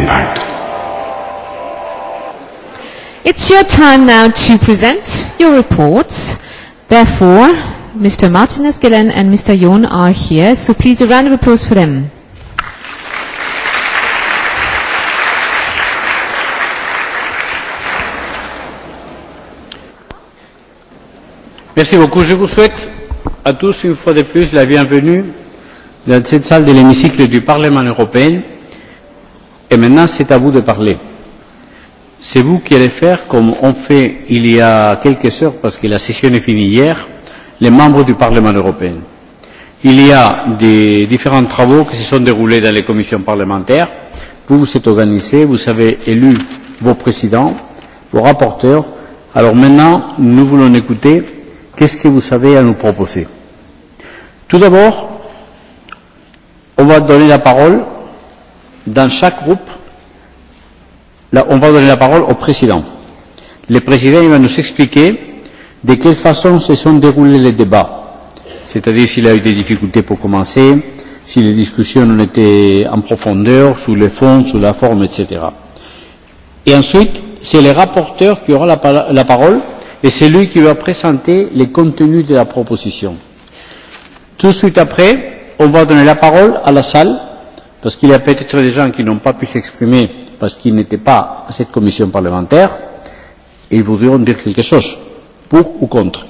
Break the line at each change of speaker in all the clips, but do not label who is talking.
impact.
It's your time now to present your reports. Therefore, Mr. Martinez Gillen and Mr. Yon are here, so please a round of applause for them.
Merci beaucoup. Je vous souhaite à tous une fois de plus la bienvenue dans cette salle de l'hémicycle du Parlement européen Et maintenant, c'est à vous de parler. C'est vous qui allez faire, comme on fait il y a quelques heures, parce que la session est finie hier, les membres du Parlement européen. Il y a des différents travaux qui se sont déroulés dans les commissions parlementaires. Vous vous êtes organisé, vous avez élu vos présidents, vos rapporteurs. Alors maintenant, nous voulons écouter qu'est-ce que vous avez à nous proposer. Tout d'abord, on va donner la parole dans chaque groupe, là, on va donner la parole au président. Le président il va nous expliquer de quelle façon se sont déroulés les débats, c'est-à-dire s'il a eu des difficultés pour commencer, si les discussions ont été en profondeur, sur le fond, sous la forme, etc. Et ensuite, c'est le rapporteur qui aura la, la parole et c'est lui qui va présenter les contenus de la proposition. Tout de suite après, on va donner la parole à la salle parce qu'il y a peut-être des gens qui n'ont pas pu s'exprimer parce qu'ils n'étaient pas à cette commission parlementaire, et ils voudront dire quelque chose, pour ou contre.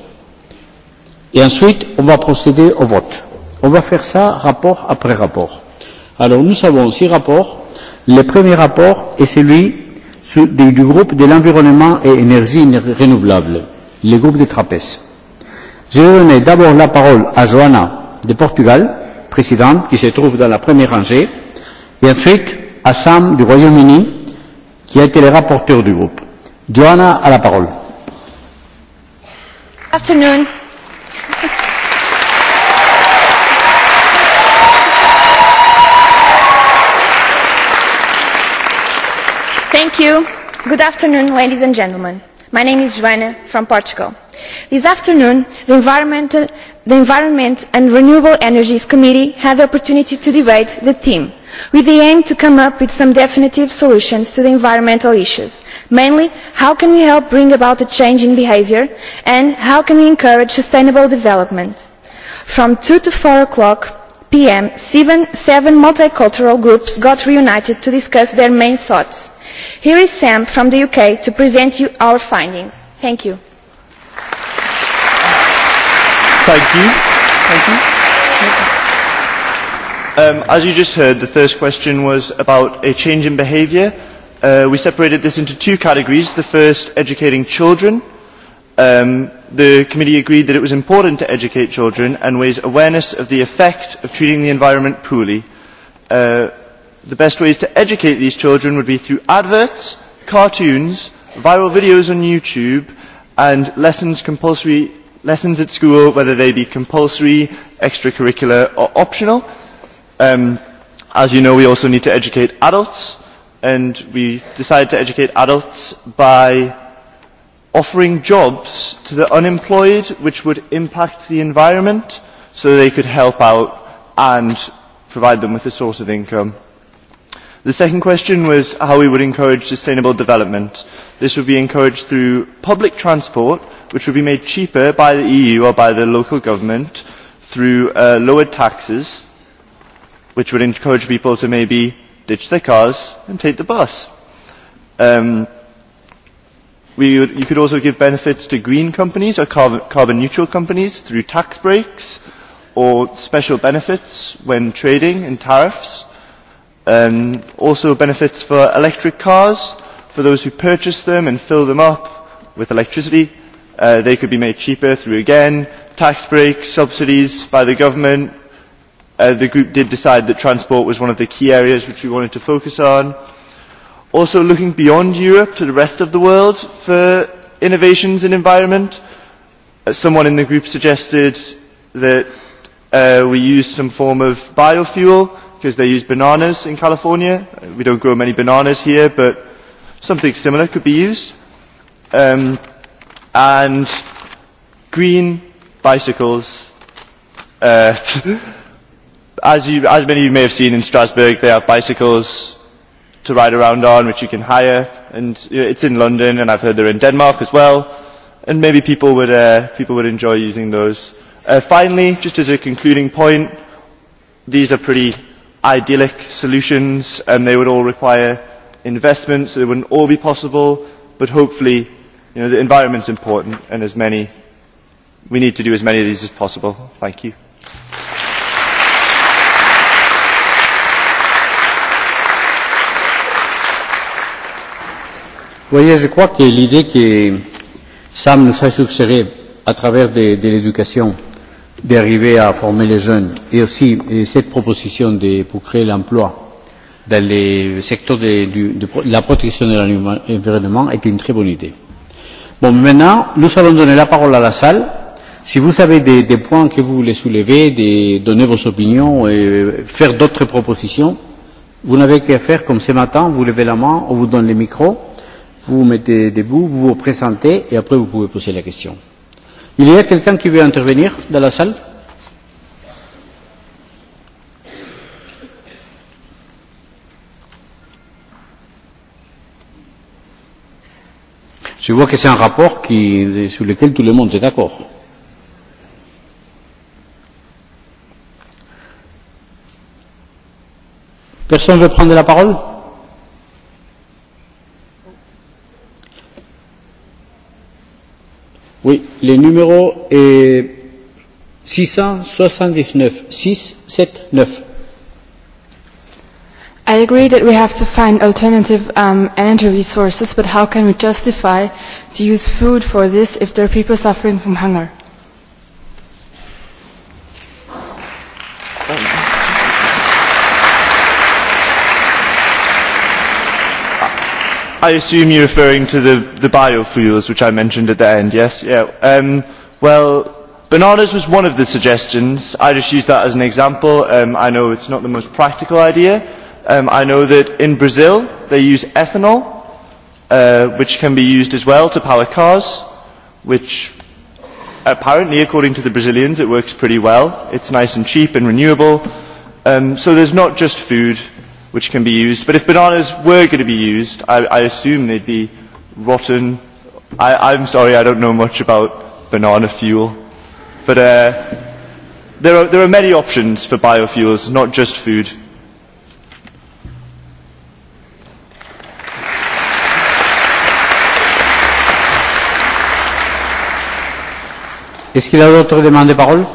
Et ensuite, on va procéder au vote. On va faire ça rapport après rapport. Alors nous avons six rapports. Le premier rapport est celui du groupe de l'environnement et énergie renouvelable, le groupe des trapèzes. Je vais donner d'abord la parole à Joana de Portugal, présidente, qui se trouve dans la première rangée, et ensuite Assam du Royaume-Uni, qui a été le rapporteur du groupe. Joanna a la parole.
Afternoon.
Thank you. Good afternoon, ladies and gentlemen. My name is Joana from Portugal. This afternoon, the Environmental the Environment and Renewable Energies Committee had the opportunity to debate the theme, with the aim to come up with some definitive solutions to the environmental issues. Mainly, how can we help bring about a change in behaviour and how can we encourage sustainable development? From 2 to 4 o'clock p.m., seven, seven multicultural groups got reunited to discuss their main thoughts. Here is Sam from the UK to present you our findings. Thank
you.
Thank you. Thank you. Um, as you just heard, the first question was about a change in behaviour. Uh, we separated this into two categories. The first, educating children. Um, the committee agreed that it was important to educate children and raise awareness of the effect of treating the environment poorly. Uh, the best ways to educate these children would be through adverts, cartoons, viral videos on YouTube, and lessons compulsory lessons at school, whether they be compulsory, extracurricular or optional. Um, as you know, we also need to educate adults, and we decided to educate adults by offering jobs to the unemployed which would impact the environment so they could help out and provide them with a source of income. The second question was how we would encourage sustainable development. This would be encouraged through public transport which would be made cheaper by the EU or by the local government through uh, lowered taxes, which would encourage people to maybe ditch their cars and take the bus. Um, we would, you could also give benefits to green companies or carbon, carbon neutral companies through tax breaks or special benefits when trading and tariffs. Um, also benefits for electric cars, for those who purchase them and fill them up with electricity Uh, they could be made cheaper through, again, tax breaks, subsidies by the government. Uh, the group did decide that transport was one of the key areas which we wanted to focus on. Also looking beyond Europe to the rest of the world for innovations in environment. Uh, someone in the group suggested that uh, we use some form of biofuel because they use bananas in California. We don't grow many bananas here, but something similar could be used. Um, and green bicycles. Uh, as, you, as many of you may have seen in Strasbourg, they have bicycles to ride around on, which you can hire. And it's in London, and I've heard they're in Denmark as well. And maybe people would, uh, people would enjoy using those. Uh, finally, just as a concluding point, these are pretty idyllic solutions, and they would all require investment, so they wouldn't all be possible, but hopefully You know, the environment is important, and as many, we need to do as many of these as possible. Thank you.
Vous voyez, je crois que l'idée que Sam nous a suggérée à travers de, de l'éducation, d'arriver à former les jeunes, et aussi et cette proposition de, pour créer l'emploi dans les secteurs de, de, de la protection de l'environnement est une très bonne idée. Bon, maintenant, nous allons donner la parole à la salle. Si vous avez des, des points que vous voulez soulever, des, donner vos opinions et faire d'autres propositions, vous n'avez qu'à faire comme ce matin, vous levez la main, on vous donne le micro, vous vous mettez debout, vous vous présentez et après vous pouvez poser la question. Il y a quelqu'un qui veut intervenir dans la salle Je vois que c'est un rapport qui, sur lequel tout le monde est d'accord. Personne ne veut prendre la parole Oui, le numéro est 679, 679.
I agree that we have to find
alternative um, energy resources, but how can we justify to use food for
this if there are people suffering from hunger? I assume you're referring to the, the biofuels, which I mentioned at the end, yes? Yeah. Um, well, bananas was one of the suggestions. I just used that as an example. Um, I know it's not the most practical idea, Um, I know that in Brazil they use ethanol, uh, which can be used as well to power cars, which apparently, according to the Brazilians, it works pretty well. It's nice and cheap and renewable. Um, so there's not just food which can be used. But if bananas were going to be used, I, I assume they'd be rotten. I, I'm sorry, I don't know much about banana fuel. But uh, there, are, there are many options for biofuels, not just food.
Est-ce qu'il y a d'autres demandes de parole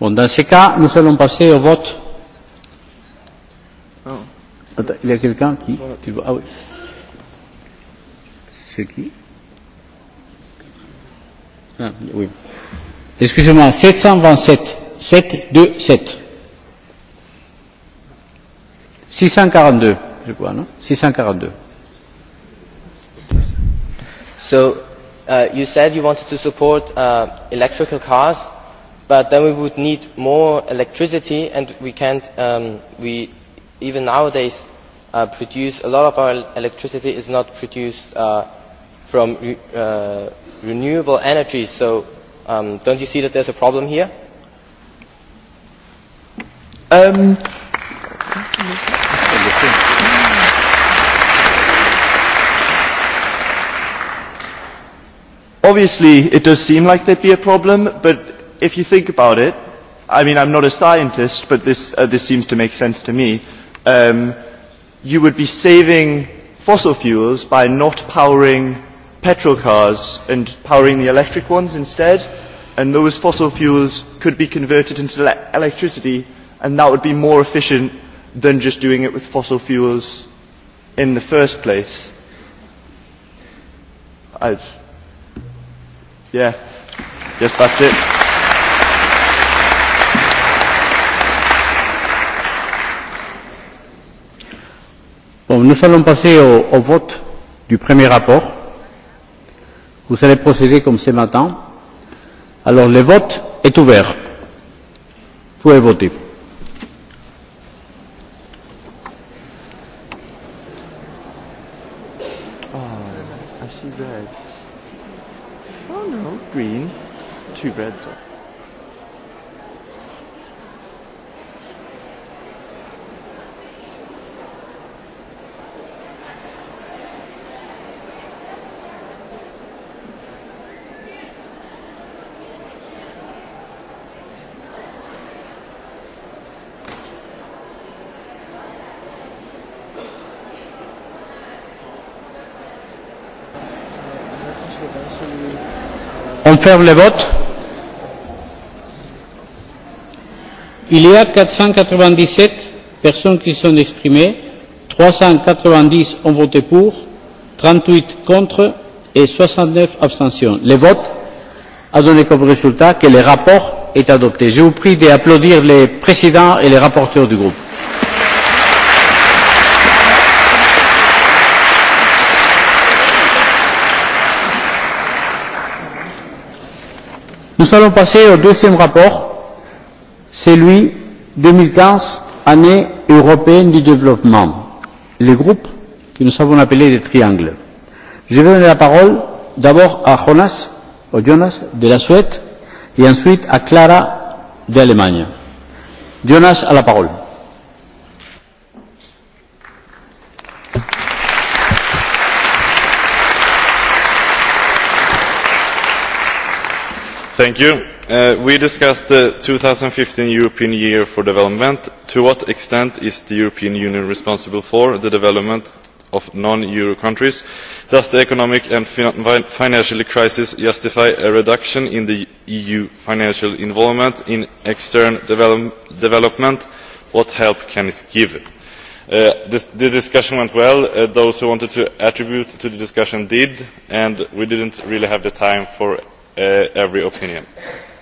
Bon, dans ces cas, nous allons passer au vote. Oh. Attends, il y a quelqu'un qui voilà. Ah oui. C'est qui ah, Oui. Excusez-moi, 727. 727. 642, je crois, non 642.
So, uh, you said you wanted to support uh, electrical cars, but then we would need more electricity, and we can't. Um, we even nowadays uh, produce a lot of our electricity is not produced uh, from re uh, renewable energy. So, um, don't you see that there's a problem here?
Um, Obviously, it does seem like there'd be a problem, but if you think about it, I mean, I'm not a scientist, but this, uh, this seems to make sense to me. Um, you would be saving fossil fuels by not powering petrol cars and powering the electric ones instead, and those fossil fuels could be converted into le- electricity, and that would be more efficient than just doing it with fossil fuels in the first place. I've Yeah. Yes, that's
it. Bon, nous allons passer au, au vote du premier rapport. Vous allez procéder comme ce matin. Alors, le vote est ouvert. Vous pouvez voter.
green to red zone.
On ferme le vote. Il y a 497 personnes qui sont exprimées, 390 ont voté pour, 38 contre et 69 abstentions. Le vote a donné comme résultat que le rapport est adopté. Je vous prie d'applaudir les présidents et les rapporteurs du groupe. Nous allons passer au deuxième rapport, celui 2015, année européenne du développement. Le groupe que nous avons appelés les triangles. Je vais donner la parole d'abord à Jonas, au Jonas de la Suède et ensuite à Clara d'Allemagne. Jonas a la parole.
Thank
you. Uh, we discussed the 2015 European Year for Development. To what extent is the European Union responsible for the development of non-Euro countries? Does the economic and financial crisis justify a reduction in the EU financial involvement in external development? What help can it give? the discussion went well. those who wanted to attribute to the discussion did, and we didn't really have the time for every opinion.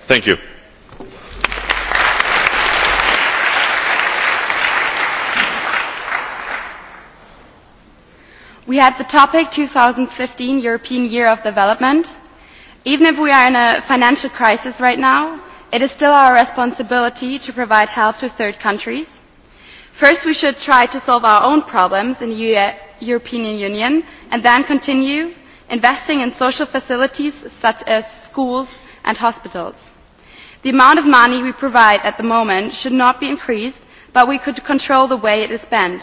thank you.
We had the topic 2015 European Year of Development. Even if we are in a financial crisis right now, it is still our responsibility to provide help to third countries. First, we should try to solve our own problems in the European Union and then continue investing in social facilities such as schools and hospitals. the amount of money we provide at the moment should not be increased but we could control the way it is spent.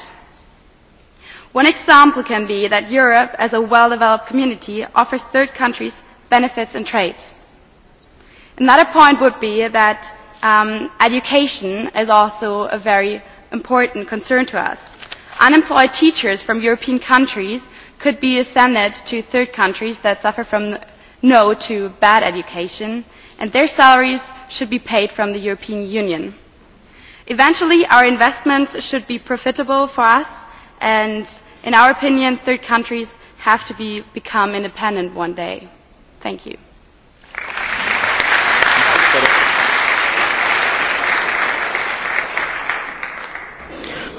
one example can be that europe as a well developed community offers third countries benefits in trade. another point would be that education is also a very important concern to us. unemployed teachers from european countries could be ascended to third countries that suffer from no to bad education, and their salaries should be paid from the European Union. Eventually, our investments should be profitable for us, and in our opinion, third countries have to be, become independent one day. Thank you.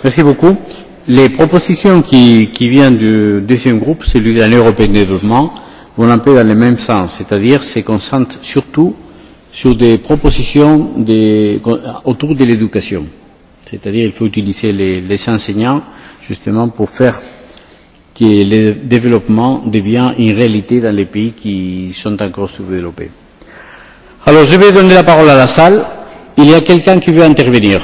Merci beaucoup. Les propositions qui, qui viennent du deuxième groupe, celui de l'Union européenne de développement, vont un peu dans le même sens, c'est-à-dire se concentrent surtout sur des propositions de, autour de l'éducation. C'est-à-dire qu'il faut utiliser les, les enseignants justement pour faire que le développement devienne une réalité dans les pays qui sont encore sous-développés. Alors je vais donner la parole à la salle. Il y a quelqu'un qui veut intervenir.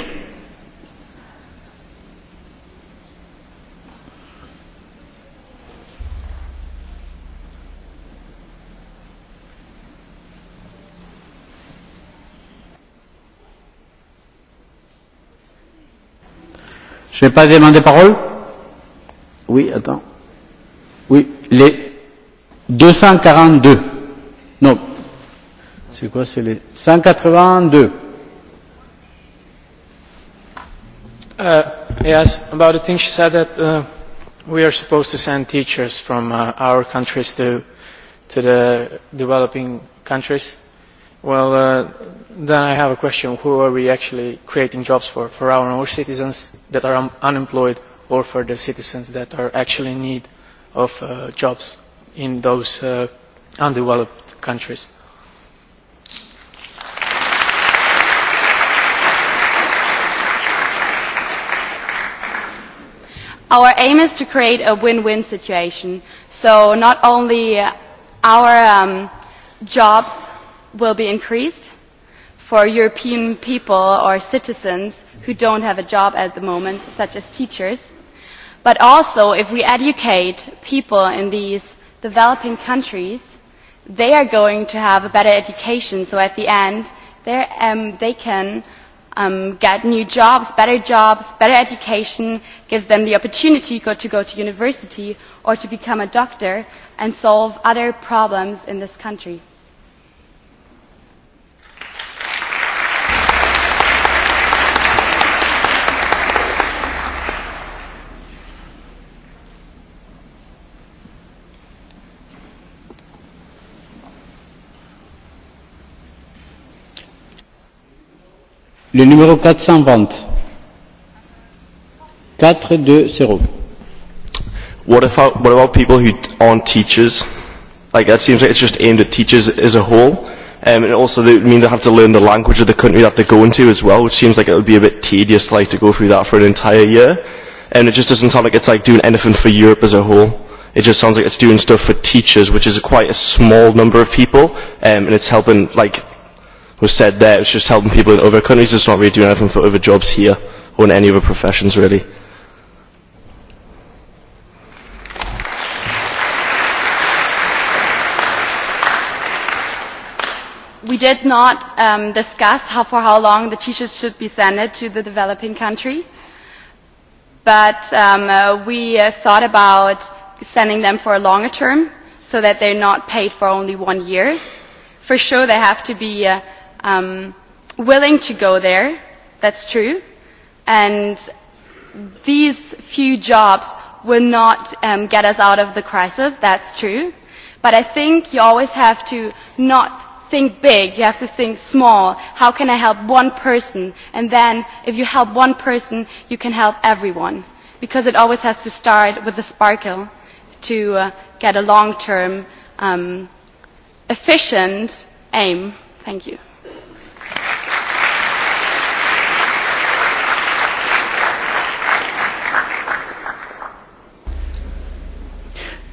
Je n'ai pas demandé parole Oui, attends. Oui, les 242. Non. C'est quoi C'est les 182. Uh, yes, about the thing she said that uh, we are supposed to send teachers from uh, our countries to, to the developing countries Well, uh, then I have a question. Who are we actually creating jobs for? For our own citizens that are un unemployed or for the citizens that are actually in need of uh, jobs in those uh, undeveloped countries?
Our aim is to create a win-win situation. So not only our um, jobs will be increased for European people or citizens who don't have a job at the moment, such as teachers. But also, if we educate people in these developing countries, they are going to have a better education. So at the end, um, they can um, get new jobs, better jobs, better education, gives them the opportunity to go to university or to become a doctor and solve other problems in this country.
Le numéro 420. 420. What about, what about people who aren't
teachers? Like that seems like it's just aimed at teachers as a whole. Um, and also they mean they have to learn the language of the country that they're going to as well, which seems like it would be a bit tedious like to go through that for an entire year. And it just doesn't sound like it's like doing anything for Europe as a whole. It just sounds like it's doing stuff for teachers, which is quite a small number of people, um, and it's helping like who said that it's just helping people in other countries. It's not really doing anything for other jobs here or in any other professions, really.
We did not um, discuss how, for how long the teachers should be sent to the developing country, but um, uh, we uh, thought about sending them for a longer term so that they're not paid for only one year. For sure, they have to be uh, um, willing to go there, that's true, and these few jobs will not um, get us out of the crisis, that's true, but I think you always have to not think big, you have to think small. How can I help one person? And then if you help one person, you can help everyone. Because it always has to start with a sparkle to uh, get a long-term, um, efficient aim. Thank you.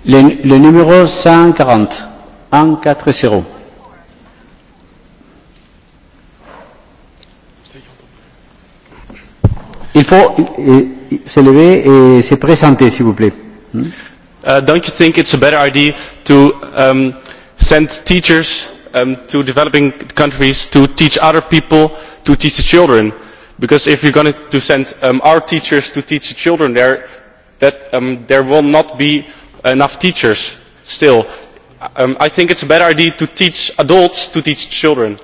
Le, le numéro 140. 140. Il faut se lever et se présenter, s'il vous plaît. Hmm? Uh, don't you think it's a better
idea to um, send teachers um, to developing countries to teach other people to teach the children? Because if you're going to send um, our teachers to teach the children there, that um, there will not be enough teachers still. Um, I think it's a better idea to teach adults to teach children.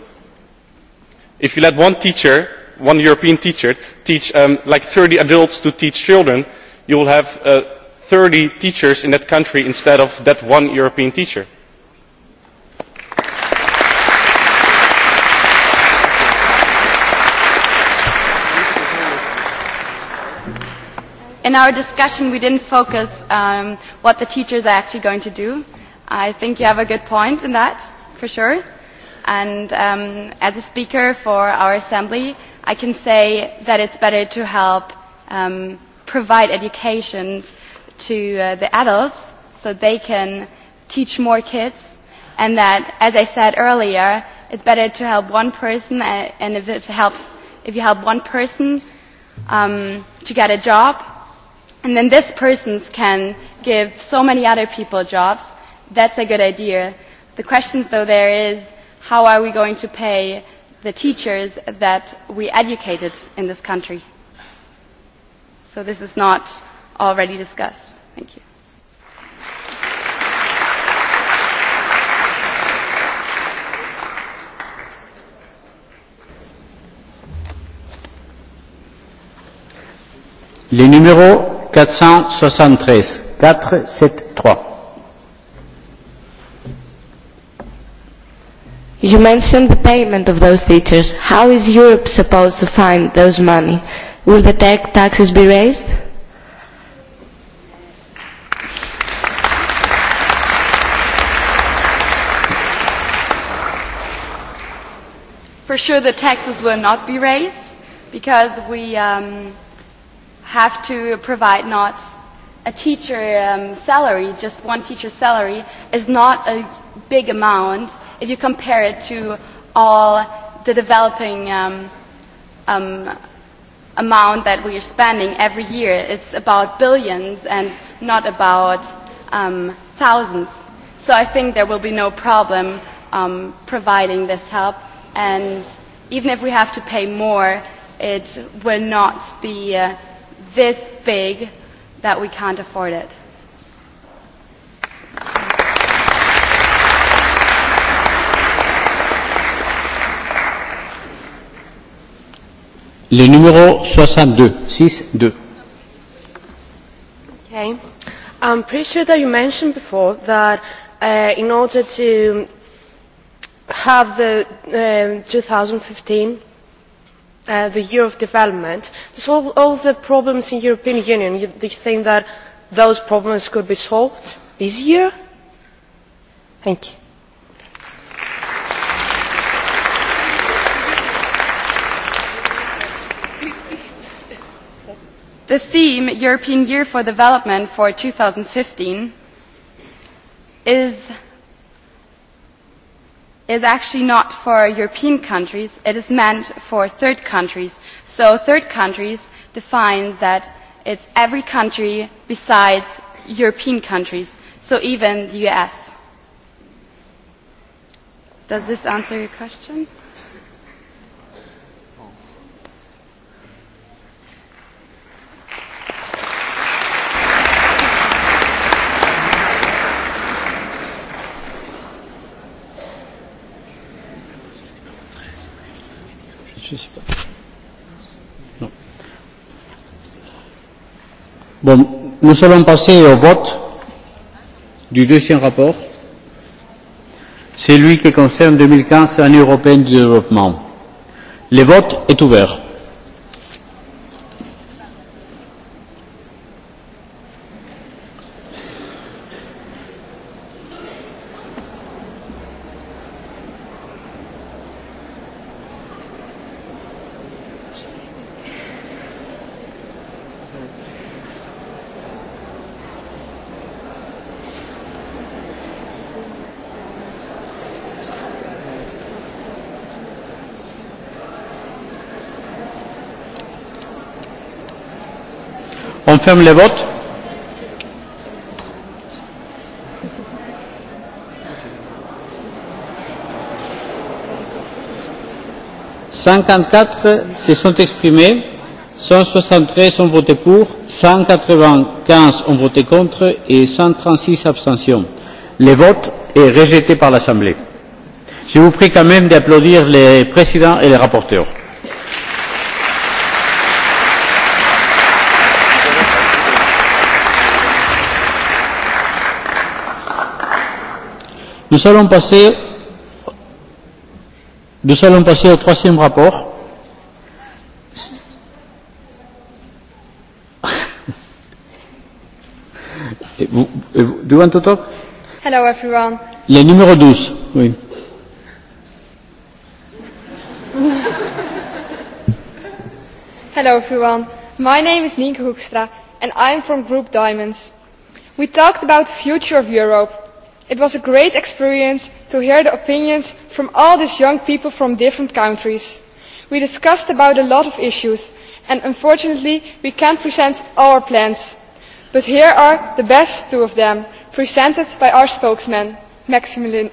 If you let one teacher, one European teacher, teach um, like 30 adults
to teach children, you will have uh, 30 teachers in that country instead of that one European teacher
in our discussion, we didn't focus on what the teachers are actually going to do. I think you have a good point in that, for sure. And um, as a speaker for our assembly, I can say that it's better to help um, provide educations to uh, the adults so they can teach more kids. And that, as I said earlier, it's better to help one person, and if it helps, if you help one person um, to get a job, and then this person can give so many other people jobs. That's a good idea. The question, though, there is how are we going to pay the teachers that we educated in this country? So this is not already discussed. Thank you.
Les numéros 473. 473.
You mentioned the payment of those teachers. How is Europe supposed to find those money? Will the tech taxes be raised?
For sure, the taxes will not be raised because we. Um, have to provide not a teacher um, salary, just one teacher's salary, is not a big amount if you compare it to all the developing um, um, amount that we are spending every year. It's about billions and not about um, thousands. So I think there will be no problem um, providing this help. And even if we have to pay more, it will not be. Uh, this big that we can't afford it.
Le numéro 62, 6-2.
Okay. I'm pretty sure that you mentioned before that uh, in order to have the uh, 2015 the year of development to solve all the problems in the european union do you think that those problems could be solved this year? thank you.
the theme european year for development for two thousand and fifteen is is actually not for European countries, it is meant for third countries. So third countries defines that it's every country besides European countries, so even the US. Does this answer your question?
je sais pas. Non. Bon, nous allons passer au vote du deuxième rapport. C'est lui qui concerne 2015, l'année européenne du développement. Le vote est ouvert. ferme le Cinquante-quatre se sont exprimés, cent soixante treize ont voté pour, cent quatre vingt quinze ont voté contre et cent trente six abstentions. Le vote est rejeté par l'Assemblée. Je vous prie quand même d'applaudir les présidents et les rapporteurs. Nous allons passer, nous allons passer au troisième rapport. do you want to talk?
Hello everyone.
Le numéro 12, oui.
Hello everyone. My name is Nienke Hoekstra and I'm from Group Diamonds. We talked about the future of Europe it was a great experience to hear the opinions from all these young people from different countries. we discussed a lot of issues and unfortunately we cannot present all our plans but here are the best two of them presented by our spokesman maximilian.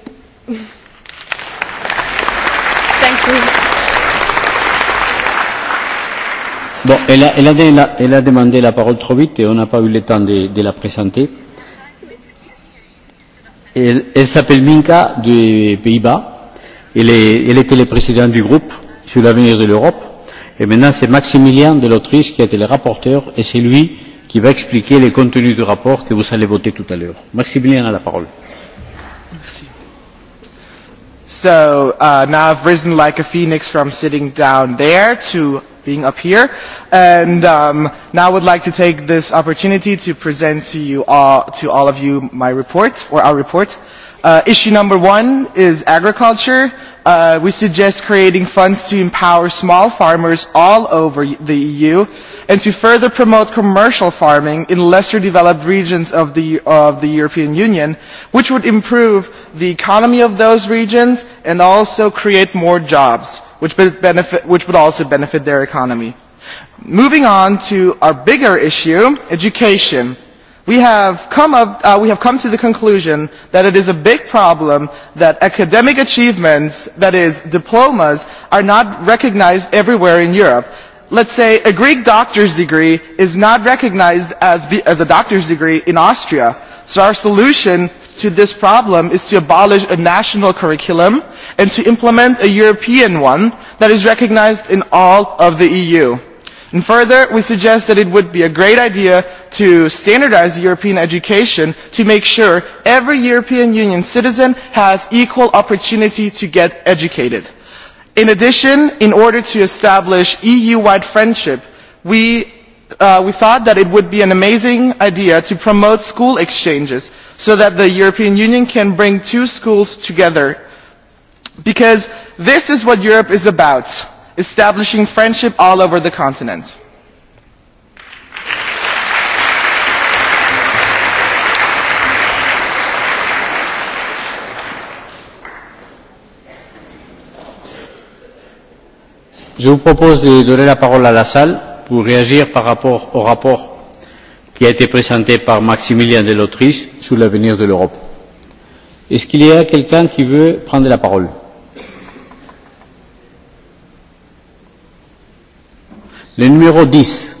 elle, a, demandé la parole trop vite et on n'a pas eu le temps de, la présenter. Elle, elle s'appelle Minka des Pays-Bas. Elle, elle était le président du groupe sur l'avenir de l'Europe. Et maintenant, c'est Maximilien de l'Autriche qui a été le rapporteur et c'est lui qui va expliquer les contenus du rapport que vous allez voter tout à l'heure. Maximilien a la parole. Merci.
So uh, now I've risen like a phoenix from sitting down there to being up here. And um, now I would like to take this opportunity to present to you all, to all of you my report, or our report. Uh, issue number one is agriculture. Uh, we suggest creating funds to empower small farmers all over the EU and to further promote commercial farming in lesser developed regions of the, of the European Union, which would improve the economy of those regions and also create more jobs, which would, benefit, which would also benefit their economy. Moving on to our bigger issue, education. We have, come up, uh, we have come to the conclusion that it is a big problem that academic achievements, that is, diplomas, are not recognized everywhere in Europe let's say a Greek doctor's degree is not recognized as, be, as a doctor's degree in Austria. So our solution to this problem is to abolish a national curriculum and to implement a European one that is recognized in all of the EU. And further, we suggest that it would be a great idea to standardize European education to make sure every European Union citizen has equal opportunity to get educated in addition in order to establish eu wide friendship we we thought that it would be an amazing idea to promote school exchanges so that the European Union can bring two schools together. Because this is what Europe is about, establishing friendship all over the continent.
Je vous propose de donner la parole à la salle pour réagir par rapport au rapport qui a été présenté par Maximilien de l'Autriche sur l'avenir de l'Europe. Est-ce qu'il y a quelqu'un qui veut prendre la parole Le numéro 10.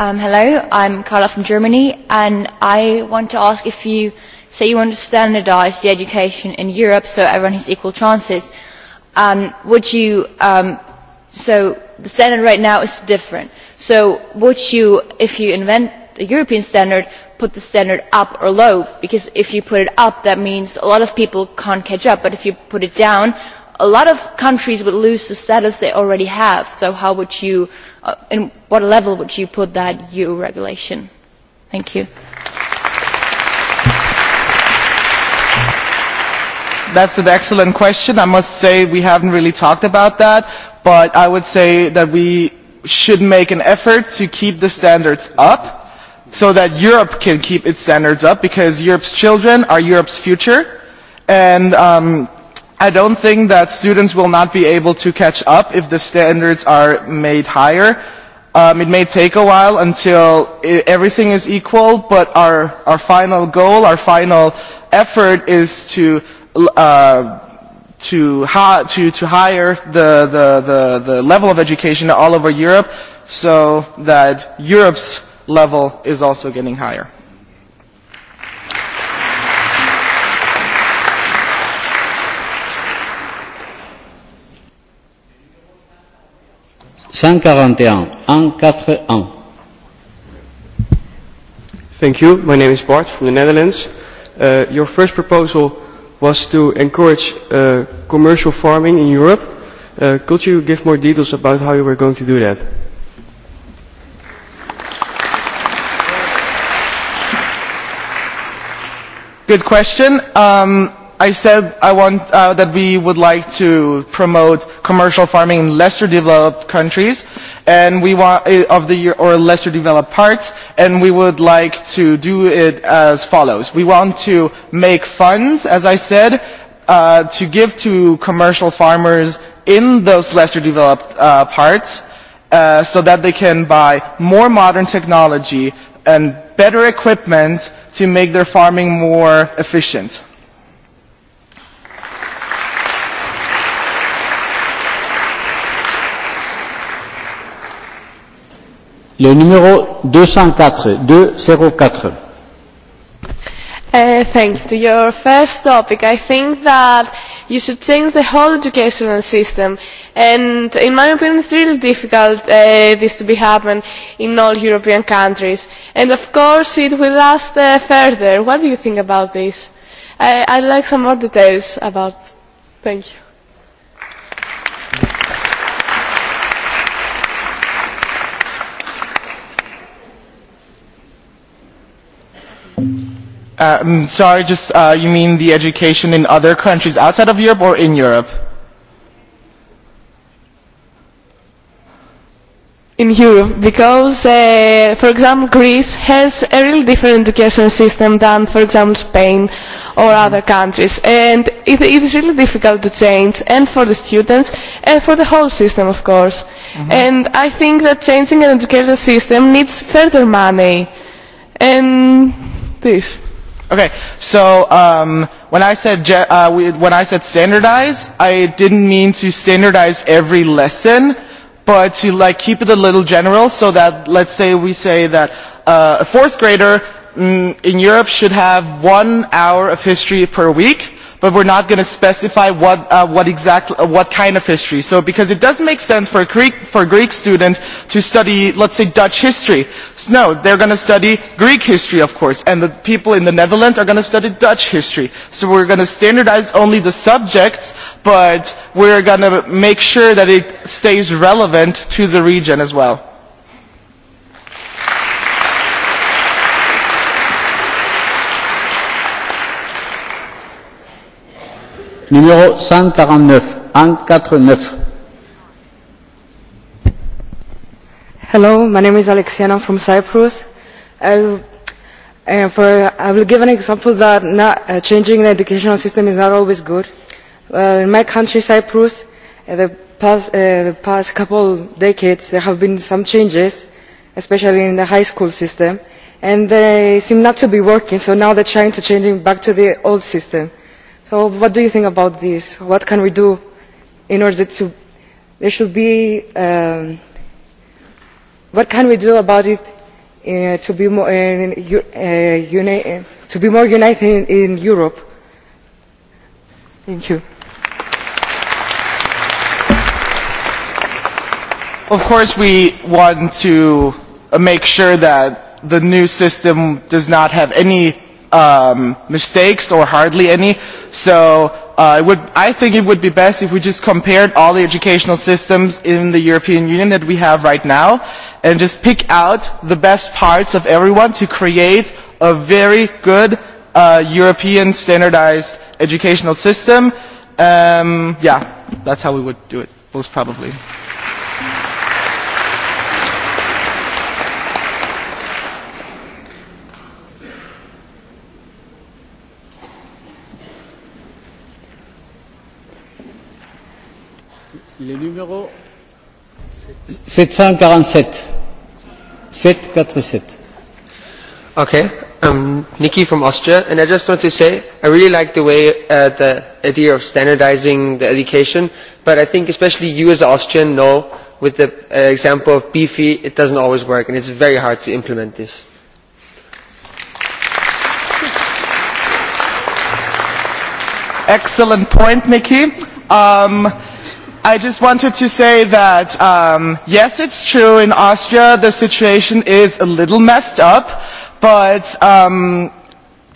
Um, hello, I'm Carla from Germany, and I want to ask if you so you want to standardise the education in Europe so everyone has equal chances. Um, would you, um, so the standard right now is different. So would you, if you invent the European standard, put the standard up or low? Because if you put it up, that means a lot of people can't catch up. But if you put it down, a lot of countries would lose the status they already have. So how would you, uh, in what level would you put that EU regulation? Thank you.
that's an excellent question. I must say we haven't really talked about that, but I would say that we should make an effort to keep the standards up so that Europe can keep its standards up because Europe's children are Europe's future. And um, I don't think that students will not be able to catch up if the standards are made higher. Um, it may take a while until i everything is equal, but our, our final goal, our final effort is to uh, to, hi- to, to hire the, the, the, the level of education all over Europe so that Europe's level is also getting higher.
Thank you. My name is Bart from the Netherlands. Uh, your first proposal was to
encourage uh, commercial farming in Europe. Uh, could you give more details about how you were
going to do that? Good question. Um, I said I want uh, that we would like to promote commercial farming in lesser developed countries, and we want of the or lesser developed parts, and we would like to do it as follows: We want to make funds, as I said, uh, to give to commercial farmers in those lesser developed uh, parts, uh, so that they can buy more modern technology and better equipment to make their farming more efficient
le numéro 204, 204.
Uh, thanks. To your first topic, I think that you should change the whole educational system. And in my opinion, it's really difficult uh, this to be happen in all European countries. And of course, it will last uh, further. What do you think about this? I I'd like some more details about.
Thank you.
Um, sorry, just uh, you mean the education in other countries outside of Europe or in Europe?
In Europe, because, uh, for example, Greece has a really different education system than, for example, Spain or mm. other countries, and it, it is really difficult to change, and for the students, and for the whole system, of course. Mm-hmm. And I think that changing an education system needs further money, and this.
Okay, so um, when I said je- uh, we, when I said standardize, I didn't mean to standardize every lesson, but to like keep it a little general, so that let's say we say that uh, a fourth grader mm, in Europe should have one hour of history per week but we're not going to specify what, uh, what, exact, uh, what kind of history. So because it doesn't make sense for a, Greek, for a Greek student to study, let's say, Dutch history. So, no, they're going to study Greek history, of course, and the people in the Netherlands are going to study Dutch history. So we're going to standardize only the subjects, but we're going to make sure that it stays relevant to the region as well.
numéro 149, 149.
Hello, my name is Alexiana. from Cyprus. I, uh, for, I will give an example that not, uh, changing the educational system is not always good. Uh, in my country, Cyprus, in the past, uh, the past couple decades, there have been some changes, especially in the high school system, and they seem not to be working, so now they're trying to change it back to the old system So what do you think about this? What can we do in order to... There should be... Um, what can we do about it uh, to, be more, uh, uh, uni to be more united in, in Europe? Thank
you. Of course, we want to make sure that the new system does not have any um, mistakes or hardly any So uh, it would, I think it would be best if we just compared all the educational systems in the European Union that we have right now and just pick out the best parts of everyone to create a very good uh, European standardized educational system. Um, yeah, that's how we would do it, most probably.
Le numéro 747. 747. Okay. Um,
Nikki from Austria, and I just want to say I really like the way uh, the idea of
standardizing the education, but I think especially you as an Austrian know with the uh, example of beefy, it doesn't always work, and it's very hard to implement this.
Excellent point, Nikki. Um, I just wanted to say that, um, yes, it's true, in Austria the situation is a little messed up, but um,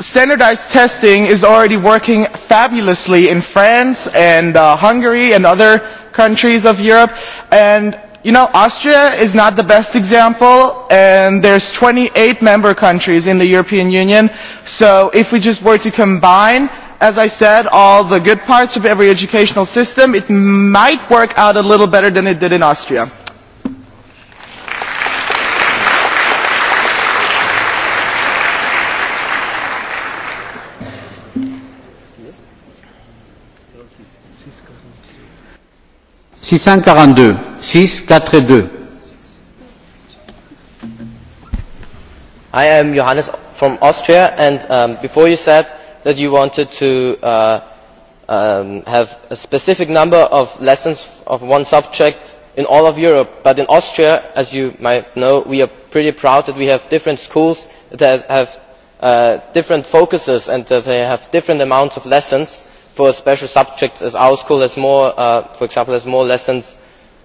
standardized testing is already working fabulously in France and uh, Hungary and other countries of Europe. And, you know, Austria is not the best example, and there's 28 member countries in the European Union, so if we just were to combine as I said, all the good parts of every educational system. It might work out a little better than it did in Austria.
six cent quarante deux six quatre deux
I am Johannes from Austria, and um, before you said that you wanted to uh, um, have a specific number of lessons of one subject in all of Europe. But in Austria, as you might know, we are pretty proud that we have different schools that have uh, different focuses and that they have different amounts of lessons for a special subject as our school has more, uh, for example, has more lessons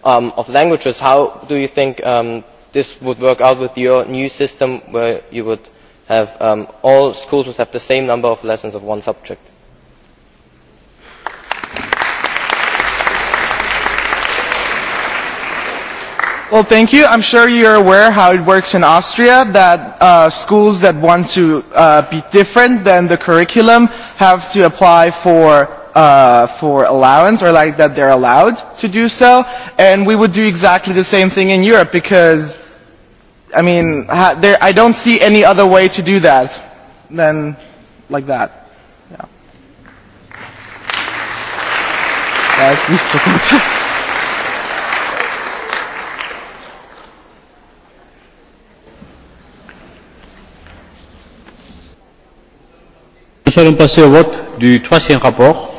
um, of languages. How do you think um, this would work out with your new system where you would have um, all schools would have the same number of lessons of one subject.
Well, thank you. I'm sure you're aware how it works in Austria that uh, schools that want to uh, be different than the curriculum have to apply for uh, for allowance or like that they're allowed to do so. And we would do exactly the same thing in Europe because I mean, ha, there, I don't see any other way to do that than like that. Yeah.
Nous allons passer au vote du troisième rapport,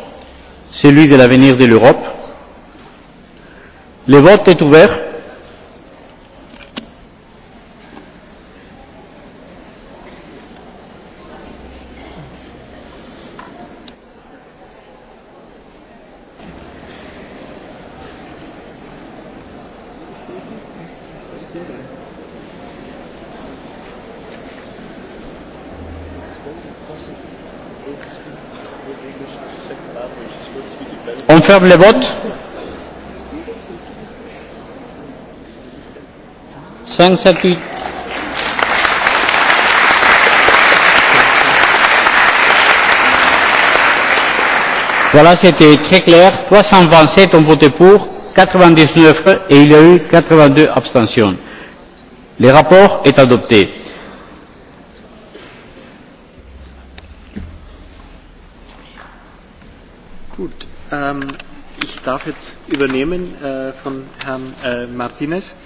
celui de l'avenir de l'Europe. Le vote est ouvert. ferme le vote. 5, 7, 8. Voilà, c'était très clair. 327 ont voté pour, 99 et il y a eu 82 abstentions. Le rapport est adopté.
ich darf jetzt übernehmen von Herrn Martinez.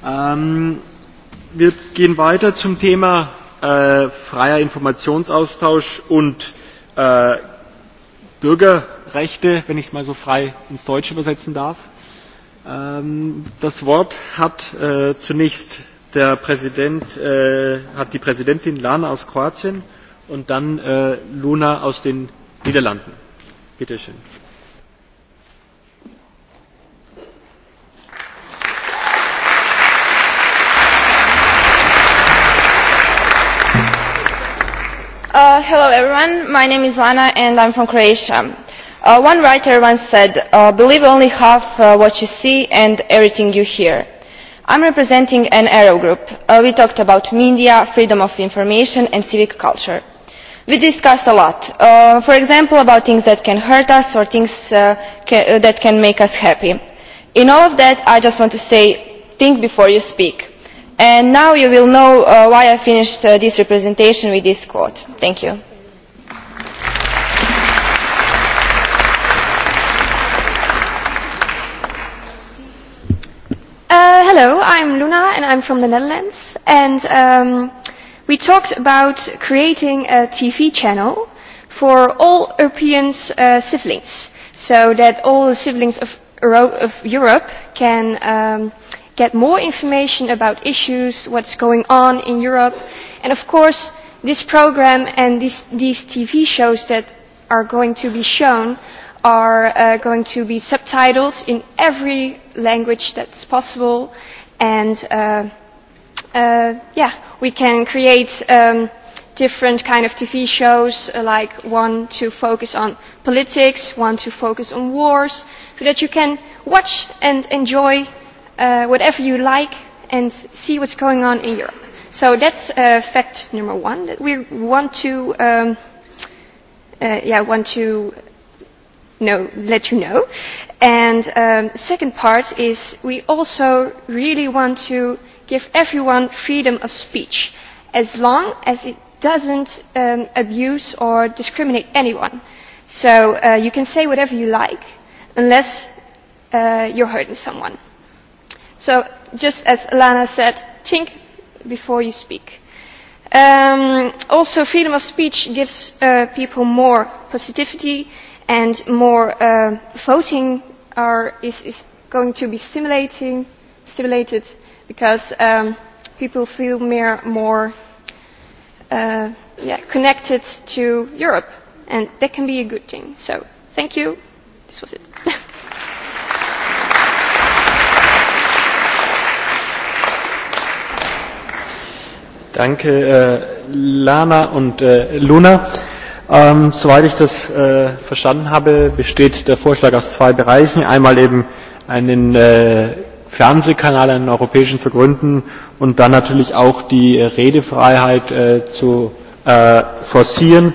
wir gehen weiter zum Thema freier Informationsaustausch und Bürgerrechte, wenn ich es mal so frei ins Deutsche übersetzen darf. das Wort hat zunächst der Präsident, hat die Präsidentin Lana aus Kroatien und dann Luna aus den Niederlanden. Bitte schön.
Uh, hello everyone, my name is Lana and I'm from Croatia. Uh, one writer once said, uh, believe only half uh, what you see and everything you hear. I'm representing an Aero group. Uh, we talked about media, freedom of information and civic culture. We discussed a lot, uh, for example about things that can hurt us or things uh, ca that can make us happy. In all of that, I just want to say, think before you speak And now you will know uh, why I finished uh, this representation with this quote. Thank you.
Uh, hello, I'm Luna and I'm from the Netherlands. And um, we talked about creating a TV channel for all European uh, siblings so that all the siblings of, Euro- of Europe can um, get more information about issues, what's going on in Europe. And of course, this programme and these, these TV shows that are going to be shown are uh, going to be subtitled in every language that is possible. And uh, uh, yeah, we can create um, different kind of TV shows, like one to focus on politics, one to focus on wars, so that you can watch and enjoy uh, whatever you like and see what's going on in Europe. So that's uh, fact number one, that we want to, um, uh, yeah, want to know, let you know. And um, second part is we also really want to give everyone freedom of speech as long as it doesn't um, abuse or discriminate anyone. So uh, you can say whatever you like unless uh, you're hurting someone So, just as Lana said, think before you speak. Um, also, freedom of speech gives uh, people more positivity and more uh, voting are, is, is going to be stimulating, stimulated because um, people feel more, more uh, yeah, connected to Europe and that can be a good thing. So, thank you.
This was it.
Danke, äh, Lana und äh, Luna. Ähm, soweit ich das äh, verstanden habe, besteht der Vorschlag aus zwei Bereichen. Einmal eben einen äh, Fernsehkanal, einen europäischen zu gründen und dann natürlich auch die äh, Redefreiheit äh, zu äh, forcieren.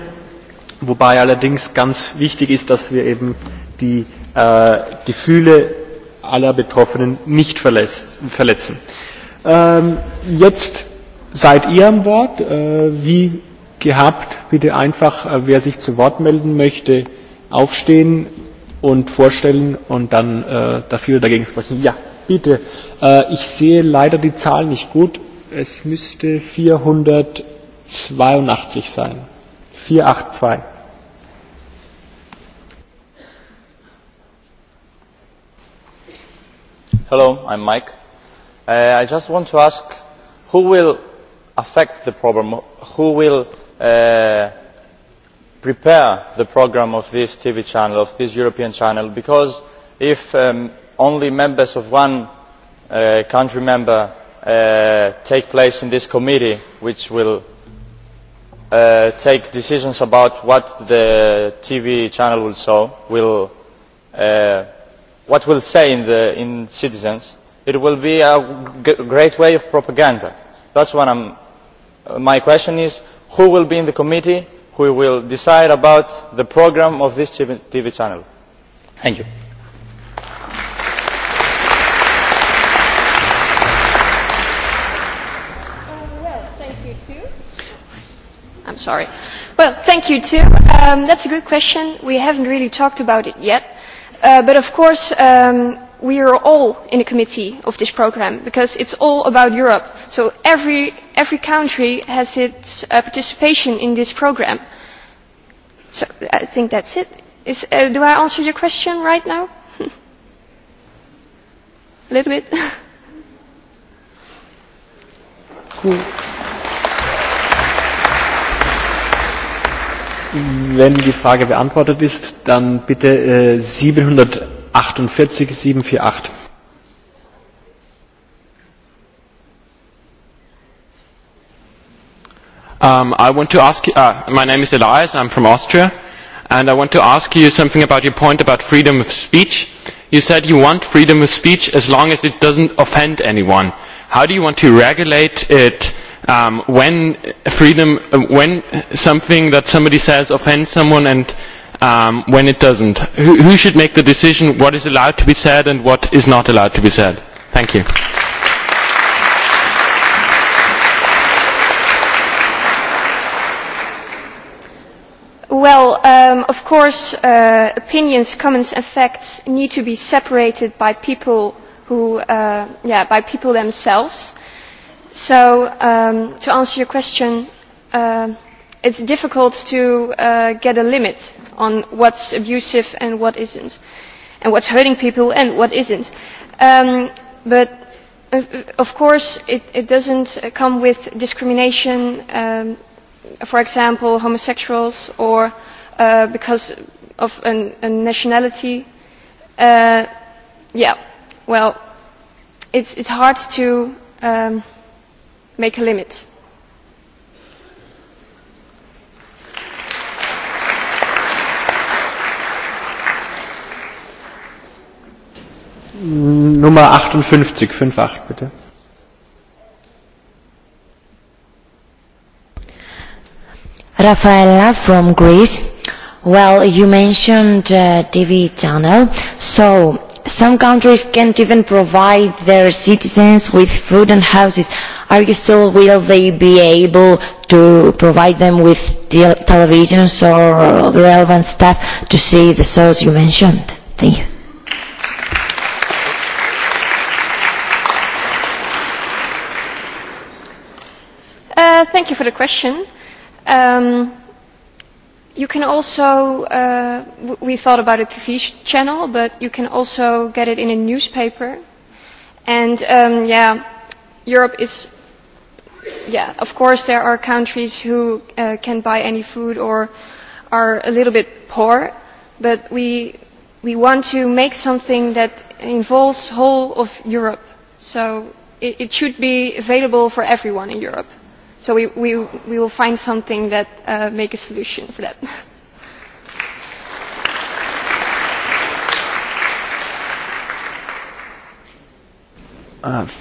Wobei allerdings ganz wichtig ist, dass wir eben die äh, Gefühle aller Betroffenen nicht verletzen. Ähm, jetzt seid ihr am Wort. Äh, wie gehabt, bitte einfach, äh, wer sich zu Wort melden möchte, aufstehen und vorstellen und dann äh, dafür oder dagegen sprechen. Ja, bitte. Äh, ich sehe leider die Zahl nicht gut. Es müsste 482 sein. 482.
Hello, I'm Mike. Uh, I just want to ask who will affect the problem who will prepare the programme of this tv channel of this european channel because if only members of one country member take place in this committee which will take decisions about what the tv channel will show will what will say in the in citizens it will be a great way of propaganda that's what i'm my question is who will be in the committee who will decide about the programme of this tv channel? thank you.
I'm sorry. Well, thank you too. Um, that's a good question. We haven't really talked about it yet, uh, but of course, um, we are all in the committee of this programme because it is all about europe so every country has its participation in this programme. so i think that is it. did i answer your question right now? a little bit?
Wenn die Frage beantwortet ist, dann bitte äh, 700 48 748. Um, I want to ask you, uh, my name is Elias, I'm from Austria, and I want to ask you something about your point about freedom of speech. You said you want freedom of speech as long as it doesn't offend anyone. How do you want to regulate it um, when freedom, when something that somebody says offends someone and um, when it doesn't? Who, who should make the decision what is allowed to be said and what is not allowed to be said? Thank you.
Well, um, of course, uh, opinions, comments, and facts need to be separated by people who, uh, yeah, by people themselves. So, um, to answer your question, uh, it is difficult to set get a limit on what is abusive and what isn't, and what is hurting people and what isn't. not but of course, it, it doesn't come with discrimination, for example, homosexuals or because of an, a nationality. it yeah, well, it's, it's hard to set make a limit.
Nummer
58, 58 bitte.
Rafaela from Greece. Well, you mentioned uh, TV channel. So, some countries can't even provide their citizens with food and houses. Are you still will they be able to provide them with televisions or relevant stuff to see the shows you mentioned? Thank you.
Uh, thank you for the question. Um, you can also, uh, we thought about a TV channel, but you can also get it in a newspaper. And um, yeah, Europe is, yeah, of course there are countries who uh, can buy any food or are a little bit poor, but we, we want to make something that involves whole of Europe. So it, it should be available for everyone in Europe So we, we, we will find something that uh, make a solution for that.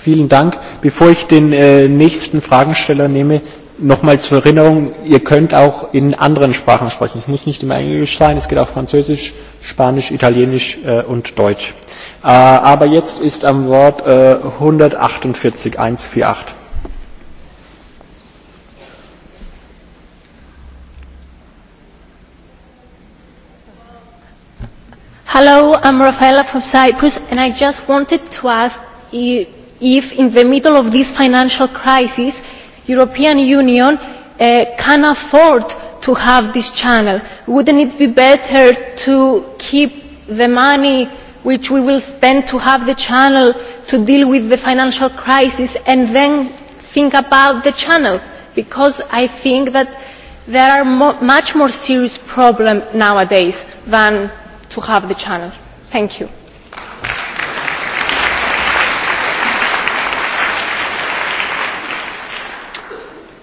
Vielen Dank. Bevor ich den äh, nächsten Fragensteller nehme, nochmal zur Erinnerung, ihr könnt auch in anderen Sprachen sprechen. Es muss nicht immer Englisch sein, es geht auch Französisch, Spanisch, Italienisch äh, und Deutsch. Uh, aber jetzt ist am Wort äh, 148, 148.
Hello, I'm Rafaela from Cyprus, and I just wanted to ask if, in the middle of this financial crisis, European Union uh, can afford to have this channel. Wouldn't it be better to keep the money which we will spend to have the channel to deal with the financial crisis and then think about the channel? Because I think that there are mo much more serious problems nowadays than to have the channel. Thank you.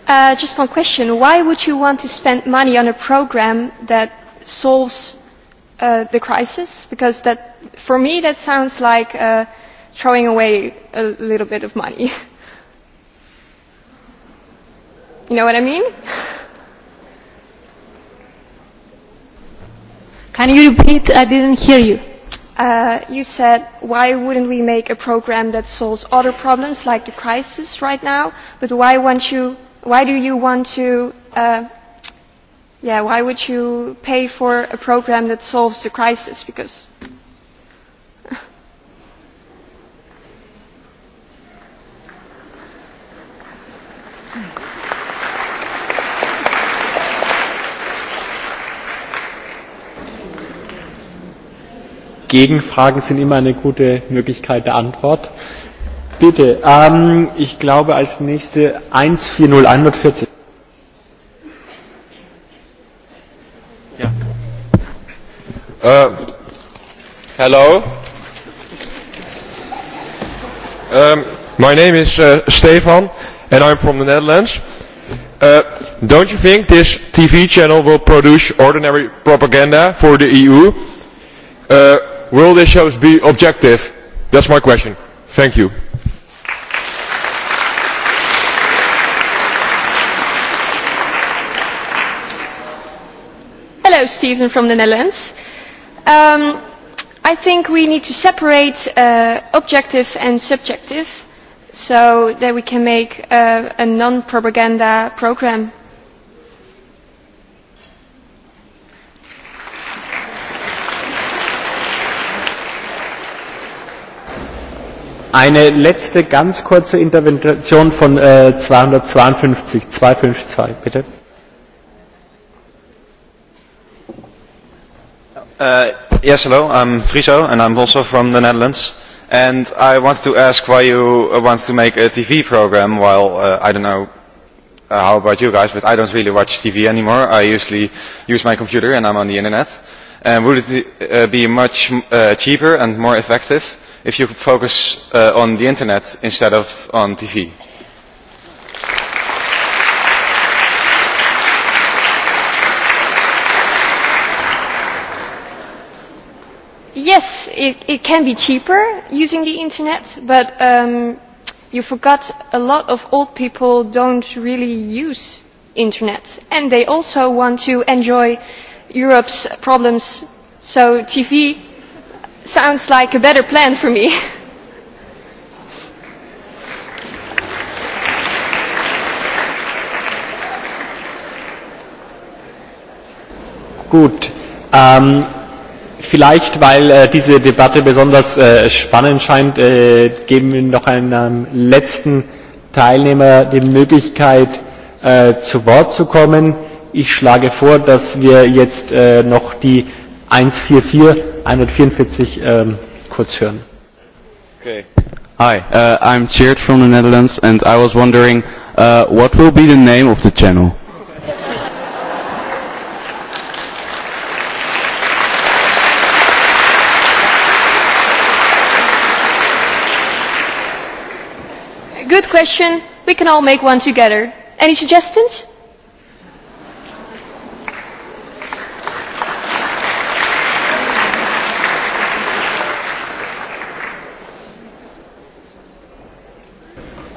Uh, just one question. Why would you want to spend money on a program that solves uh, the crisis? Because that, for me, that sounds like uh, throwing away a little bit of money. you know what I mean?
Can you repeat? I didn't hear you.
Uh, you said, why wouldn't we make a program that solves other problems like the crisis right now? But why, won't you, why do you want to, uh, yeah, why would you pay for a program that solves the crisis? Because
Gegenfragen sind immer eine gute Möglichkeit der Antwort. Bitte, ähm, ich glaube als nächste 140140. Ja. Uh, hello. Um, my name is uh, Stefan and I'm from the Netherlands. Uh, don't you think this TV channel will produce ordinary propaganda for the EU? Uh,
will the shows be objective? That's my question. Thank you.
Hello, Stephen from the Netherlands. Um, I think we need to separate uh, objective and subjective so that we can make uh, a non-propaganda program
Eine letzte ganz kurze Intervention von äh, 252, 252, bitte.
Uh, yes, hello. I'm Friso, and I'm also from the Netherlands. And I want to ask why you uh, want to make a TV program. While uh, I don't know uh, how about you guys, but I don't really watch TV anymore. I usually use my computer, and I'm on the internet. And would it uh, be much uh, cheaper and more effective? if you focus uh, on the internet instead of
on TV.
Yes, it, it can be cheaper using the internet, but um, you forgot a lot of old people don't really use internet, and they also want to enjoy Europe's problems. So TV sounds like a better plan for me.
Gut. Ähm, vielleicht, weil äh, diese Debatte besonders äh, spannend scheint, äh, geben wir noch einem letzten Teilnehmer die Möglichkeit, äh, zu Wort zu kommen. Ich schlage vor, dass wir jetzt äh, noch die 144 144 um, kurz hören.
Okay.
Hi, uh, I'm Cheered from the Netherlands and I was wondering uh, what will be the name of the channel?
Good question. We can all make one together. Any suggestions?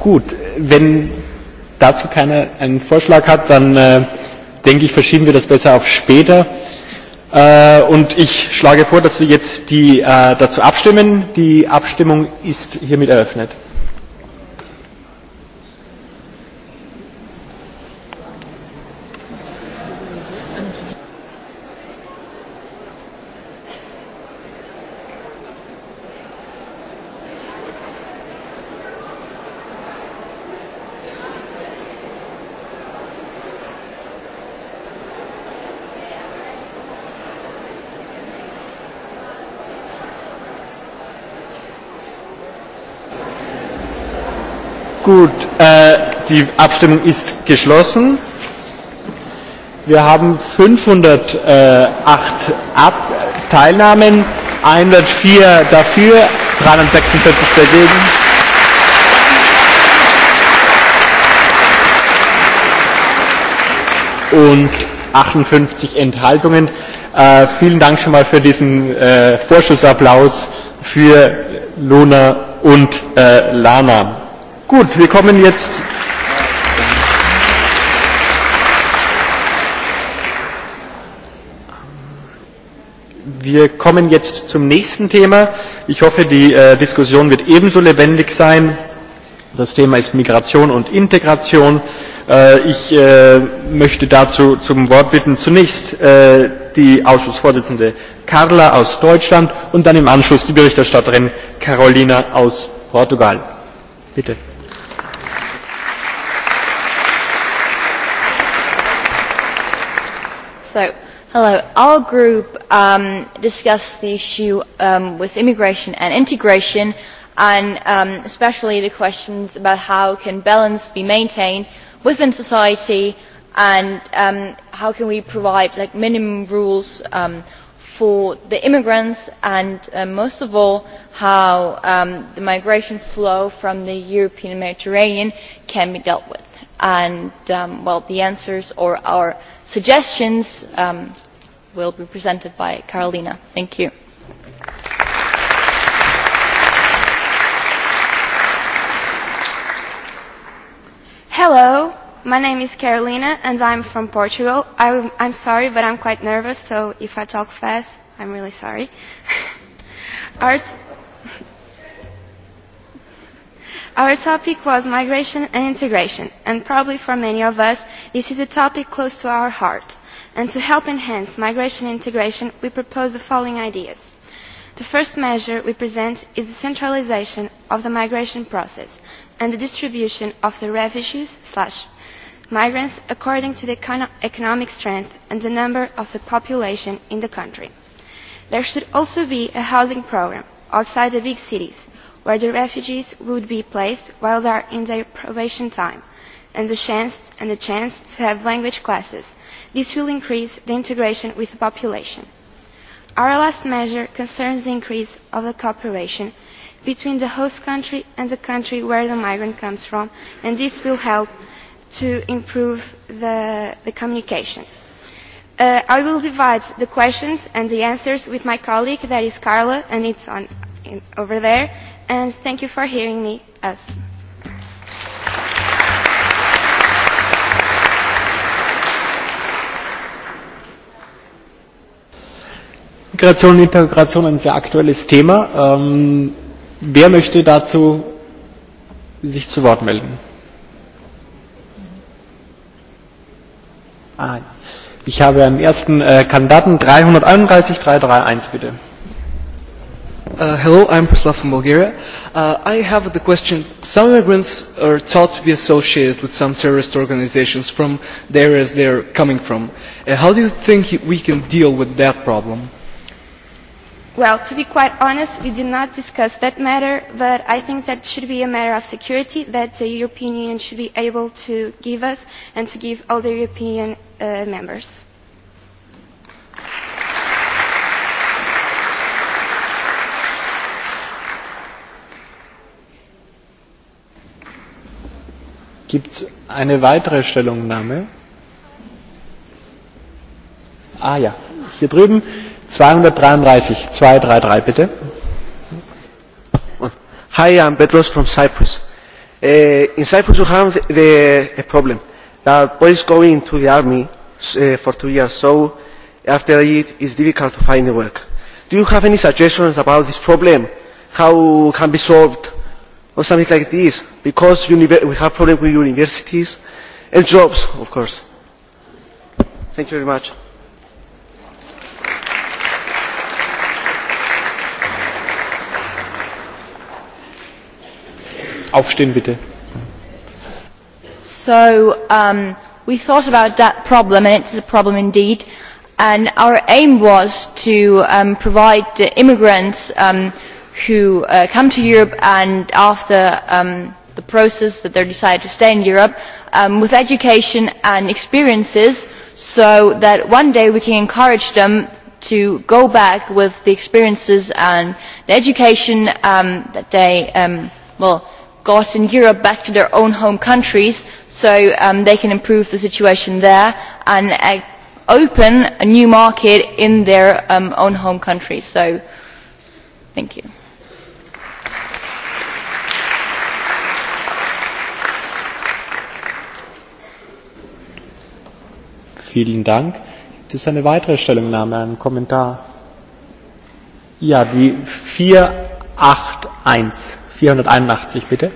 Gut, wenn dazu keiner einen Vorschlag hat, dann äh, denke ich, verschieben wir das besser auf später. Äh, und ich schlage vor, dass wir jetzt die, äh, dazu abstimmen. Die Abstimmung ist hiermit eröffnet. Gut, äh, die Abstimmung ist geschlossen. Wir haben 508 Ab Teilnahmen, 104 dafür, 346 dagegen. und 58 Enthaltungen. Äh, vielen Dank schon mal für diesen äh, Vorschussapplaus für Luna und äh, Lana. Gut, wir kommen jetzt. Wir kommen jetzt zum nächsten Thema. Ich hoffe, die äh, Diskussion wird ebenso lebendig sein. Das Thema ist Migration und Integration. Äh, ich äh, möchte dazu zum Wort bitten zunächst äh, die Ausschussvorsitzende Carla aus Deutschland und dann im Anschluss die Berichterstatterin Carolina aus Portugal. Bitte.
So, hello. Our group um, discussed the issue um, with immigration and integration, and um, especially the questions about how can balance be maintained within society, and um, how can we provide like minimum rules um, for the immigrants, and uh, most of all, how um, the migration flow from the European Mediterranean can be dealt with. And um, well, the answers or our suggestions will be presented by Carolina. Thank you.
Hello, my name is Carolina and i am from Portugal. I, am sorry, but i am quite nervous, so if I talk fast, i am really sorry. Our topic was migration and integration, and probably for many of us, this is a topic close to our heart. And to help enhance migration and integration, we propose the following ideas. The first measure we present is the centralisation of the migration process and the distribution of the refugees slash migrants according to the economic strength and the number of the population in the country. There should also be a housing programme outside the big cities where the refugees would be placed while they are in their probation time, and the chance, and the chance to have language classes. This will increase the integration with the population. Our last measure concerns the increase of the cooperation between the host country and the country where the migrant comes from, and this will help to improve the, the communication. Uh, I will divide the questions and the answers with my colleague, that is Carla, and it's on in, over there, and thank you for hearing me us.
Migration und Integration ein sehr aktuelles Thema. Ähm, wer möchte dazu sich zu Wort melden? Ah, ich habe einen ersten äh, Kandidaten 331 331 bitte.
Uh, hello, I'm Prislav from Bulgaria. Uh, I have the question. Some immigrants are taught to be associated with some terrorist organizations from the areas they're coming from. Uh, how do you think we can deal with that problem?
Well, to be quite honest, we did not discuss that matter, but I think that should be a matter of security that the European Union should be able to give us and to give all the European uh, members.
Gibt es eine weitere Stellungnahme? Ah ja, hier drüben 233, 233
bitte. Hi, I'm Petros from Cyprus. Uh, in Cyprus you have the, a problem that boys go into the army uh, for two years, so after it is difficult to find the work. Do you have any suggestions about this problem? How can be solved? or something like this because we have problems with universities and jobs, of course. Thank you very much.
Aufstehen bitte.
So um, we thought about that problem, and it's a problem indeed. And our aim was to um, provide the immigrants um, who uh, come to Europe and after um, the process that they decide to stay in Europe um, with education and experiences so that one day we can encourage them to go back with the experiences and the education um, that they um, well, got in Europe back to their own home countries so um, they can improve the situation there and uh, open a new market in their um, own home countries. So, thank you. Vielen
Dank. Gibt es eine weitere Stellungnahme, einen Kommentar? Ja, die 481, 481 bitte.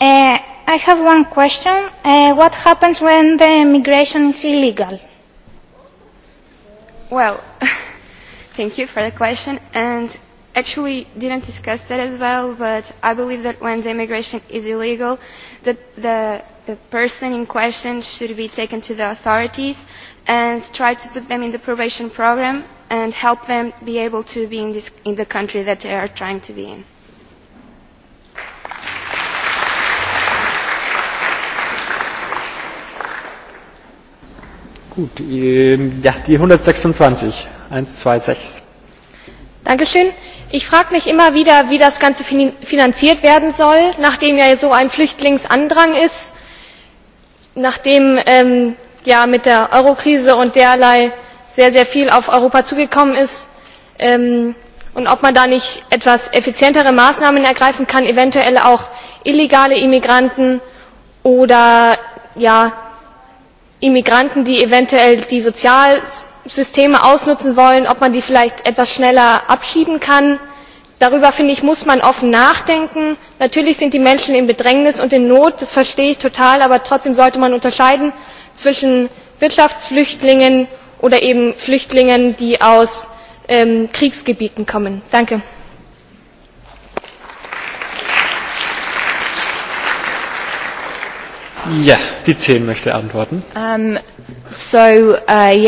Uh, I have one question. Uh, what happens when the migration is illegal? Well,
thank you for the question. And actually didn't discuss that as well, but I believe that when the immigration is illegal, the, the the person in question should be taken to the authorities and try to put them in the probation program and help them be able to be in, this, in the country that they are trying to be in.
Gut, ja, die 126, 6.
Dankeschön. Ich frage mich immer wieder, wie das Ganze finanziert werden soll, nachdem ja so ein Flüchtlingsandrang ist nachdem ähm, ja mit der Eurokrise und derlei sehr, sehr viel auf Europa zugekommen ist ähm, und ob man da nicht etwas effizientere Maßnahmen ergreifen kann, eventuell auch illegale Immigranten oder ja, Immigranten, die eventuell die Sozialsysteme ausnutzen wollen, ob man die vielleicht etwas schneller abschieben kann darüber muss man offen nachdenken. natürlich sind die menschen in bedrängnis und in not das verstehe ich total aber trotzdem sollte man unterscheiden zwischen wirtschaftsflüchtlingen oder eben flüchtlingen die aus kriegsgebieten kommen.
so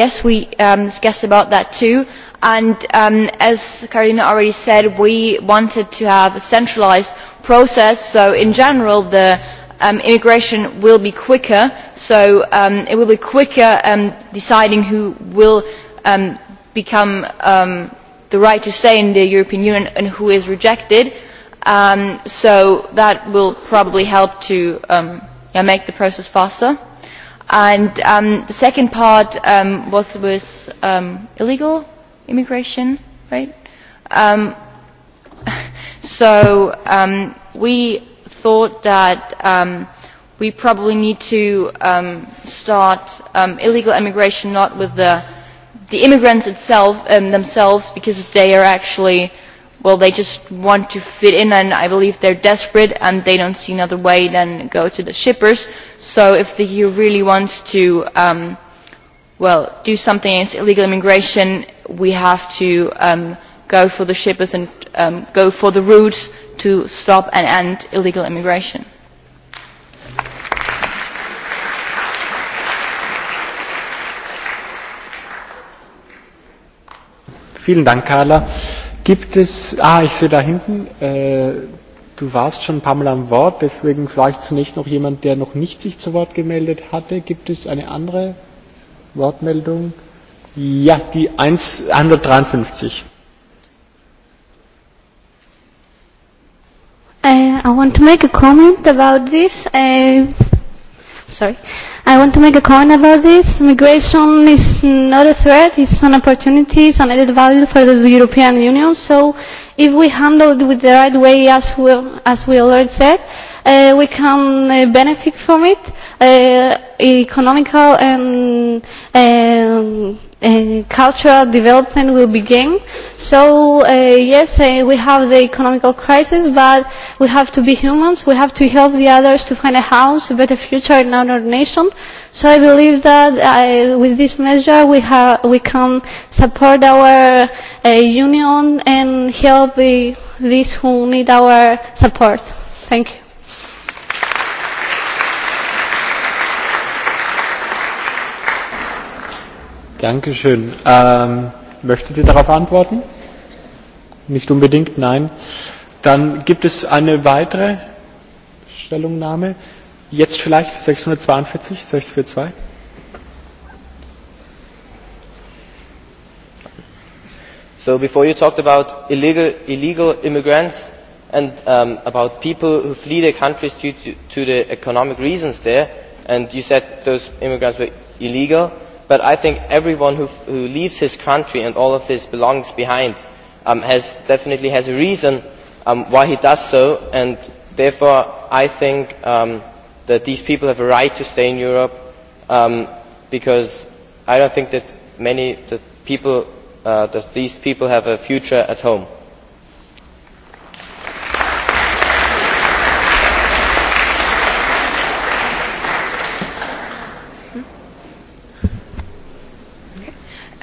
yes we discussed about that too and as karina already said we wanted to have a centralised process so in general the immigration will be quicker so it will be quicker deciding who will become the right to stay in the european union and who is rejected so that will probably help to make the process faster. And the second part was um illegal immigration, right? Um, so um, we thought that um, we probably need to um, start um, illegal immigration not with the, the immigrants itself, um, themselves because they are actually, well, they just want to fit in and I believe they're desperate and they don't see another way than go to the shippers. So if the EU really wants to um, well, do something against illegal immigration, we have to um, go for the shippers and um, go for the routes to stop and end illegal immigration.
Vielen Dank, Carla. Gibt es, ah, ich sehe da hinten, äh, du warst schon ein paar Mal am Wort, deswegen vielleicht zunächst noch jemand, der noch nicht sich zu Wort gemeldet hatte. Gibt es eine andere Wortmeldung? Ja, die 1, 153.
Uh, I want to make a comment about this. Uh, sorry. I want to make a comment about this. Migration is not a threat, it's an opportunity, it's an added value for the European Union. So if we handle it with the right way, as we, as we already said, uh, we can uh, benefit from it uh, economical and uh, uh, cultural development will begin. So uh, yes, uh, we have the economical crisis, but we have to be humans. We have to help the others to find a house, a better future in our nation. So I believe that uh, with this measure, we have we can support our uh, union and help the, these who need our support. Thank you.
Dankeschön. Ähm, möchten Sie darauf antworten? Nicht unbedingt, nein. Dann gibt es eine weitere Stellungnahme. Jetzt vielleicht 642, 642.
So before you talked about illegal, illegal immigrants and um, about people who flee their countries due to, to the economic reasons there, and you said those immigrants were illegal but I think everyone who, who leaves his country and all of his belongings behind um, has definitely has a reason um, why he does so, and therefore I think um, that these people have a right to stay in Europe um, because I don't think that many the people uh, that these people have a future at home.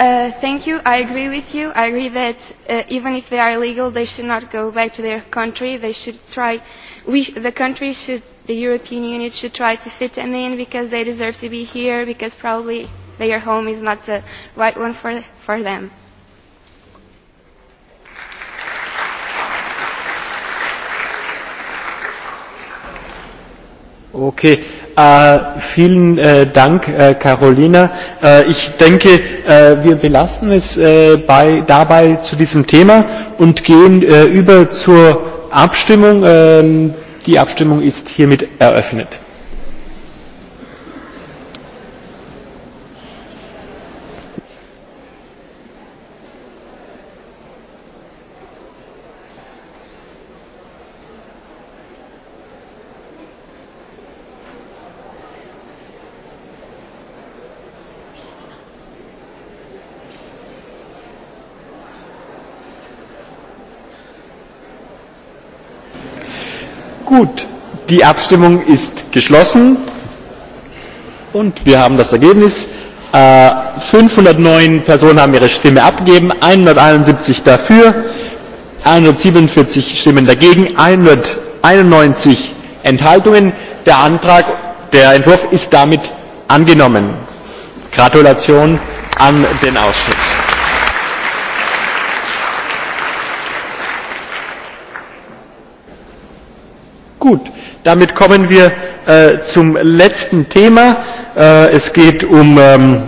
Uh, thank you. I agree with you. I agree that uh, even if they are illegal, they should not go back to their country. They should try. We, the country should, the European Union should try to fit them in because they deserve to be here because probably their home is not the right one for for them.
Okay. Äh, vielen äh, Dank, äh, Carolina. Äh, ich denke, äh, wir belassen es äh, bei, dabei zu diesem Thema und gehen äh, über zur Abstimmung. Ähm, die Abstimmung ist hiermit eröffnet. Gut, die Abstimmung ist geschlossen und wir haben das Ergebnis. 509 Personen haben ihre Stimme abgegeben, 171 dafür, 147 Stimmen dagegen, 191 Enthaltungen. Der Antrag, der Entwurf ist damit angenommen. Gratulation an den Ausschuss. Gut, damit kommen wir äh, zum letzten Thema. Äh, es geht um ähm,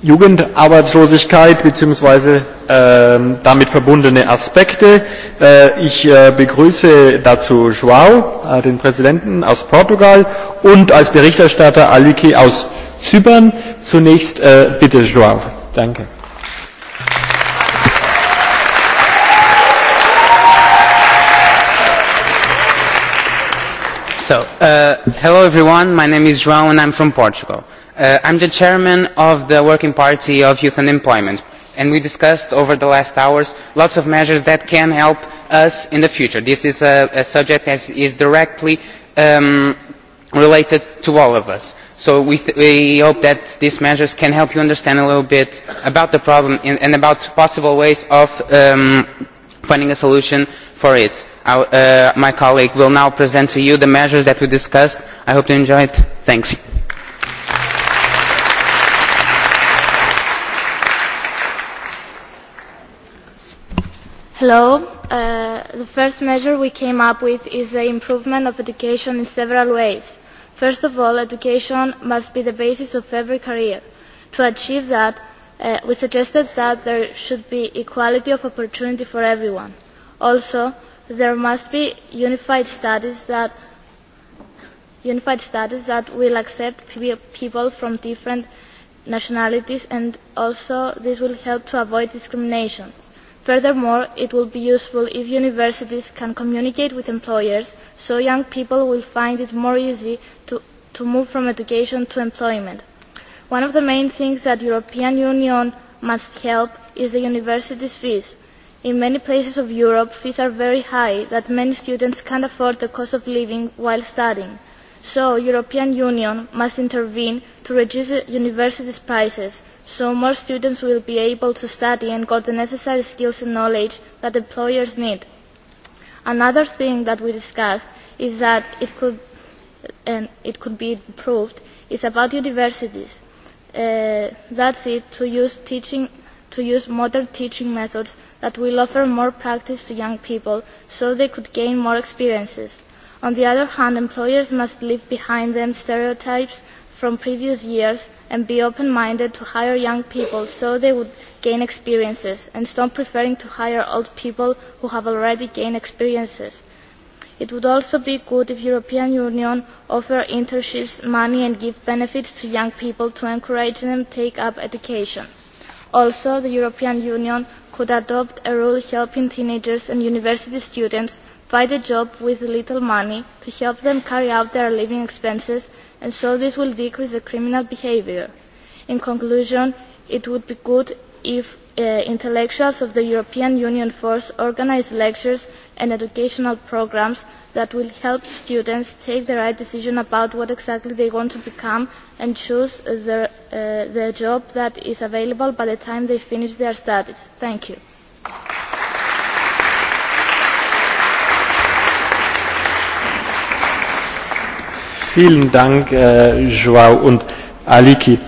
Jugendarbeitslosigkeit bzw. Äh, damit verbundene Aspekte. Äh, ich äh, begrüße dazu Joao, äh, den Präsidenten aus Portugal, und als Berichterstatter Aliki aus Zypern. Zunächst äh, bitte Joao. Danke.
So, uh, hello everyone, my name is João and I'm from Portugal. Uh, I'm the chairman of the Working Party of Youth and Employment and we discussed over the last hours lots of measures that can help us in the future. This is a, a subject that is directly um, related to all of us. So we, th we hope that these measures can help you understand a little bit about the problem and, and about possible ways of um, finding a solution for it uh, my colleague will now present to you the measures that we discussed. I hope you enjoy it. Thanks.
Hello. Uh, the first measure we came up with is the improvement of education in several ways. First of all, education must be the basis of every career. To achieve that, uh, we suggested that there should be equality of opportunity for everyone. Also, there must be unified studies that unified studies that will accept people from different nationalities and also this will help to avoid discrimination. Furthermore, it will be useful if universities can communicate with employers so young people will find it more easy to, to move from education to employment. One of the main things that the European Union must help is the universities' fees in many places of europe fees are very high that many students can't afford the cost of living while studying so the european union must intervene to reduce universities' prices so more students will be able to study and get the necessary skills and knowledge that employers need. another thing that we discussed is that it could, and it could be improved is about universities. Uh, that's it to use teaching to use modern teaching methods that will offer more practice to young people so they could gain more experiences. On the other hand, employers must leave behind them stereotypes from previous years and be open-minded to hire young people so they would gain experiences and stop preferring to hire old people who have already gained experiences. It would also be good if the European Union offered internships, money and give benefits to young people to encourage them to take up education also the european union could adopt a rule helping teenagers and university students find a job with little money to help them carry out their living expenses and so this will decrease the criminal behaviour. in conclusion it would be good if intellectuals of the european union force organised lectures and educational programmes that will help students take the right decision about what exactly they want to become and choose the, uh, the job that is available by the time they finish their studies. Thank you.
Vielen Dank, äh, Joao und Aliki.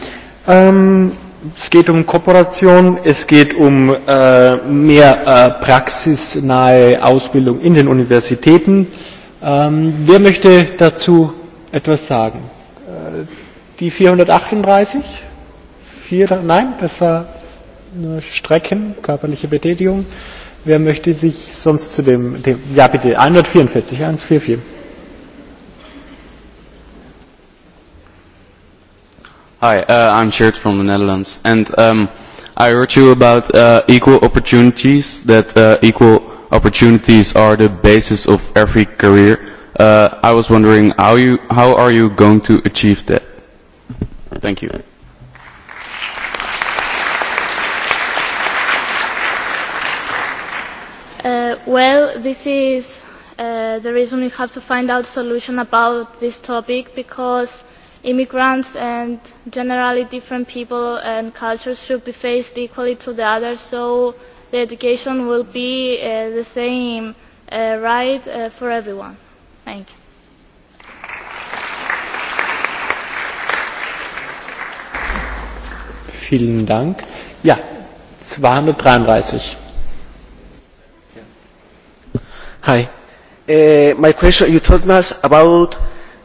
Ähm, es geht um Kooperation, es geht um äh, mehr äh, praxisnahe Ausbildung in den Universitäten. Ähm, wer möchte dazu etwas sagen? Äh, die 438? Vier, nein, das war nur Strecken, körperliche Betätigung. Wer möchte sich sonst zu dem, dem ja bitte, 144, 144.
Hi, uh, I'm Shirt from the Netherlands, and um, I heard you about uh, equal opportunities that uh, equal opportunities are the basis of every career. Uh, I was wondering how you how are you going to achieve that? Thank you.
Uh, well, this is uh, the reason we have to find out a solution about this topic because immigrants and generally different people and cultures should be faced equally to the others. So the education will be uh, the same uh, right uh, for everyone. Thank you.
Vielen Dank. Ja, 233.
Hi. Uh, my question, you told us about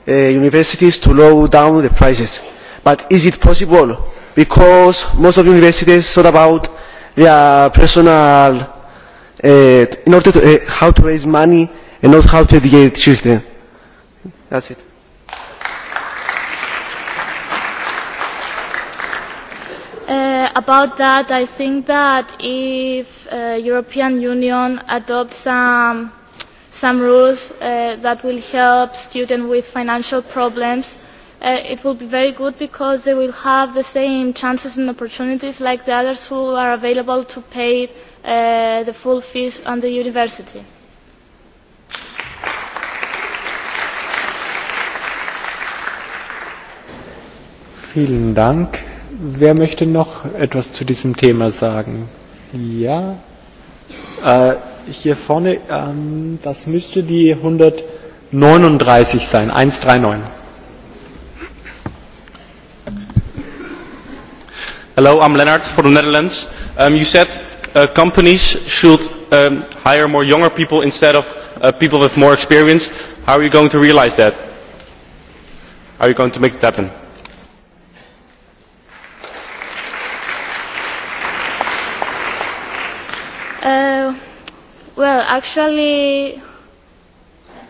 uh, universities to lower down the prices. But is it possible? Because most of universities thought about their personal uh, in order to, uh, how to raise money and not how to educate children. That's it.
Uh, about that, I think that if uh, European Union adopts some some rules uh, that will help students with financial problems, it will be very good because they will have the same chances and opportunities like the others who are available to pay uh, the full fees on the university.
Vielen Dank. Wer möchte noch etwas zu diesem Thema sagen? Ja. Äh, hier vorne, ähm, das müsste die 139 sein, 139. Hello, I'm Lennart for the Netherlands. Um, you said uh, companies should um, hire more younger people instead of uh, people with more experience.
How are you going to realize that? How are you going to make it happen?
Uh, well, actually,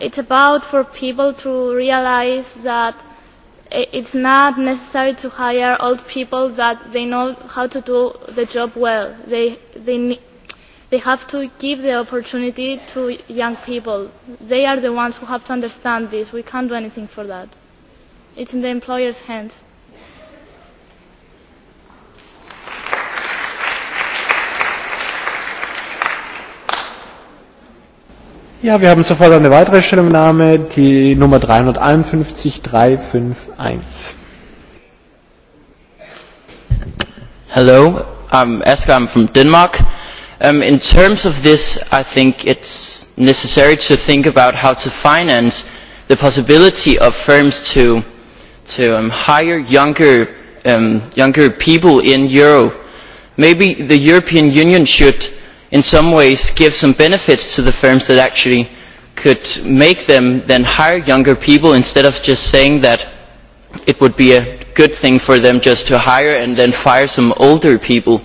it's about for people to realize that it's not necessary to hire old people that they know how to do the job well. They, they, they have to give the opportunity to young people. They are the ones who have to understand this. We can't do anything for that. It's in the employer's hands.
Ja, wir haben sofort eine weitere Stellungnahme, die Nummer 351 351.
Hello, I'm Eska, I'm from Denmark. Um, in terms of this, I think it's necessary to think about how to finance the possibility of firms to, to um, hire younger, um, younger people in Euro. Maybe the European Union should in some ways give some benefits to the firms that actually could make them then hire younger people instead of just saying that it would be a good thing for them just to hire and then fire some older people.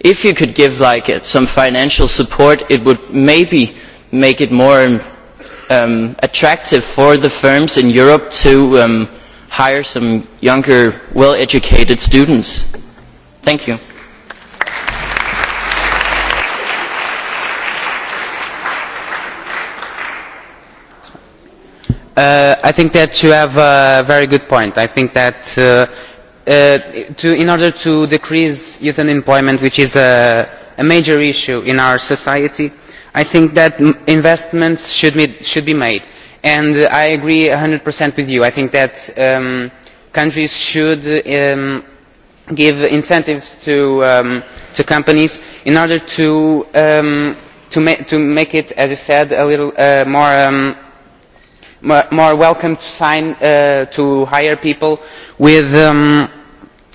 If you could give like it some financial support, it would maybe make it more um, attractive for the firms in Europe to um, hire some younger, well-educated students. Thank you.
Uh, I think that you have a very good point. I think that uh, uh, to, in order to decrease youth unemployment, which is a, a major issue in our society, I think that investments should be, should be made. And uh, I agree 100% with you. I think that um, countries should um, give incentives to, um, to companies in order to, um, to, ma to make it, as you said, a little uh, more um, more welcome to sign uh, to hire people with um,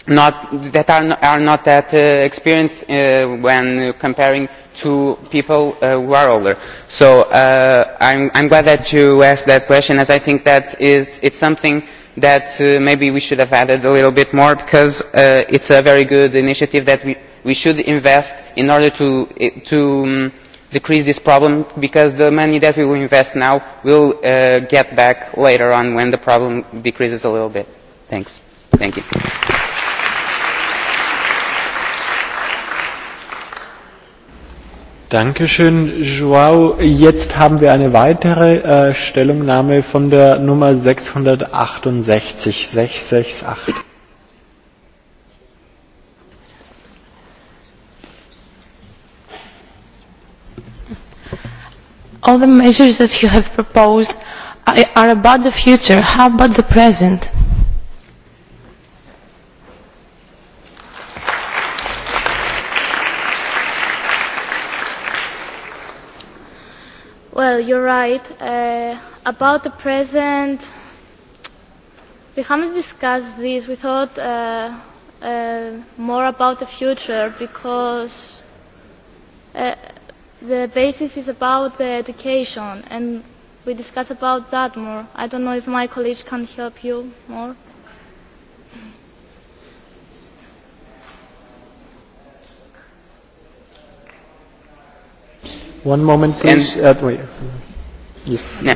not that are, are not that uh, experienced uh, when comparing to people uh, who are older. So uh, I'm, I'm glad that you asked that question, as I think that is it's something that uh, maybe we should have added a little bit more because uh, it's a very good initiative that we, we should invest in order to to um, decrease this problem because the money that we will invest now will uh, get back later on when the problem decreases a little bit. Thanks. Thank you.
Dankeschön, Joao. Jetzt haben wir eine weitere äh, Stellungnahme von der Nummer 668. 668.
all the measures that you have proposed are about the future. How about the present?
Well, you're right. Uh, about the present, we haven't discussed this. We thought uh, uh, more about the future because. Uh, the basis is about the education, and we discuss about that more. I don't know if my colleagues can help you more.
One moment, please. And, uh,
Yes. Yeah.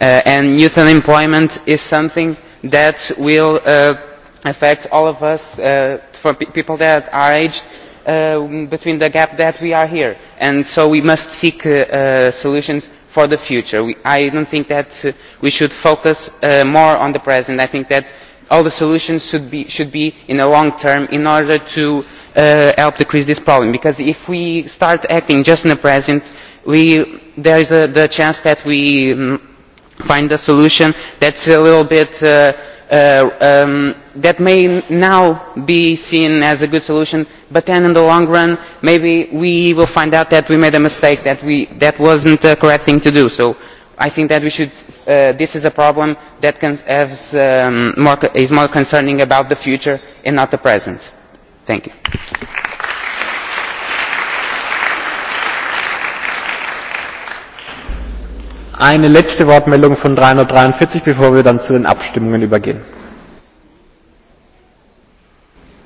Uh, and youth unemployment is something that will uh, affect all of us, uh, for pe people that are aged between the gap that we are here and so we must seek solutions for the future. i do not think that we should focus more on the present. i think that all the solutions should be, should be in the long term in order to help decrease this problem because if we start acting just in the present we, there is a, the chance that we find a solution that is a little bit that may now be seen as a good solution, but then in the long run, maybe we will find out that we made a mistake, that we, that wasn't the correct thing to do. So I think that we should, uh, this is a problem that can has um, more, is more concerning about the future and not the present. Thank you. eine letzte Wortmeldung
von 343, bevor wir dann zu den Abstimmungen übergehen.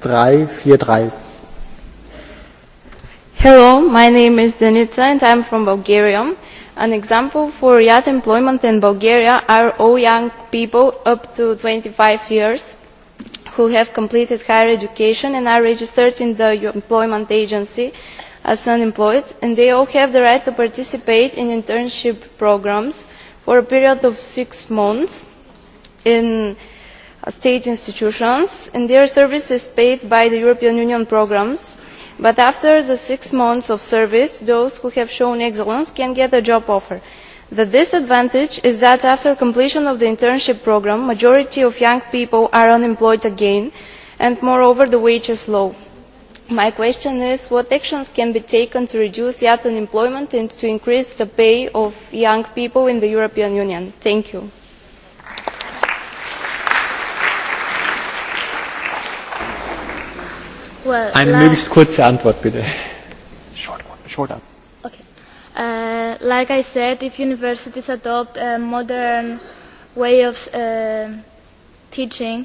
343.
Hello, my
name is Danica and I'm from Bulgaria. An example for youth employment in Bulgaria are all young people up to 25 years who have completed higher education and are registered in the employment agency as unemployed and they all have the right to participate in internship programmes for a period of six months in state institutions and their service is paid by the european union programmes but after the six months of service those who have shown excellence can get a job offer. the disadvantage is that after completion of the internship programme the majority of young people are unemployed again and moreover the wage is low my question is what actions can be taken to reduce youth unemployment and to increase the pay of young people in the european union? thank
you. Eine möglichst
kurze Antwort bitte. Short, short
up. Okay.
Uh, like I said, if universities adopt a modern way of uh, teaching,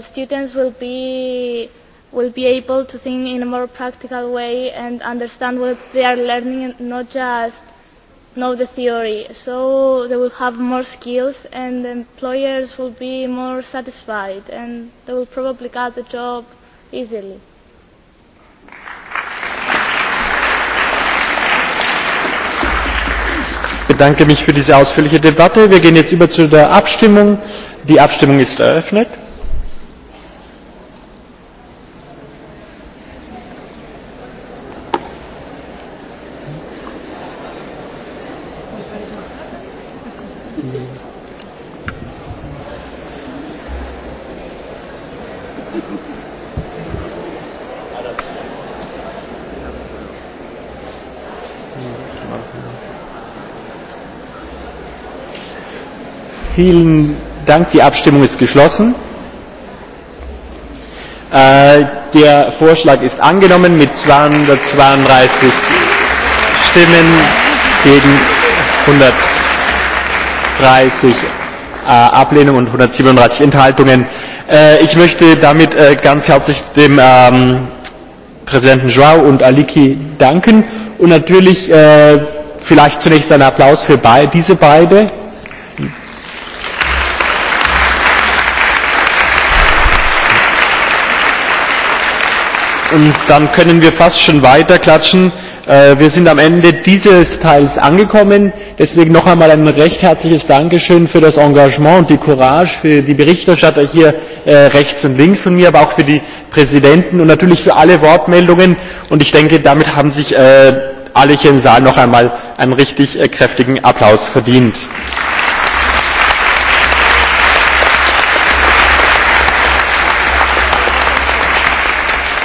students will be will be able to think in a more practical way and understand what they are learning and not just know the theory. So they will have more skills and employers will be more satisfied and they will probably get the job easily.
Ich bedanke mich für diese ausführliche Debatte. Wir gehen jetzt über zu der Abstimmung. Die Abstimmung ist eröffnet. Vielen Dank. Die Abstimmung ist geschlossen. der Vorschlag ist angenommen mit 232 Stimmen gegen 130 Ablehnung Ablehnungen und 137 Enthaltungen. ich möchte damit ganz herzlich dem Präsidenten Joao und Aliki danken und natürlich vielleicht zunächst einen Applaus für diese beide Und dann können wir fast schon weiter klatschen. Wir sind am Ende dieses Teils angekommen. Deswegen noch einmal ein recht herzliches Dankeschön für das Engagement und die Courage, für die Berichterstatter hier rechts und links von mir, aber auch für die Präsidenten und natürlich für alle Wortmeldungen. Und ich denke, damit haben sich alle hier im Saal noch einmal einen richtig kräftigen Applaus verdient.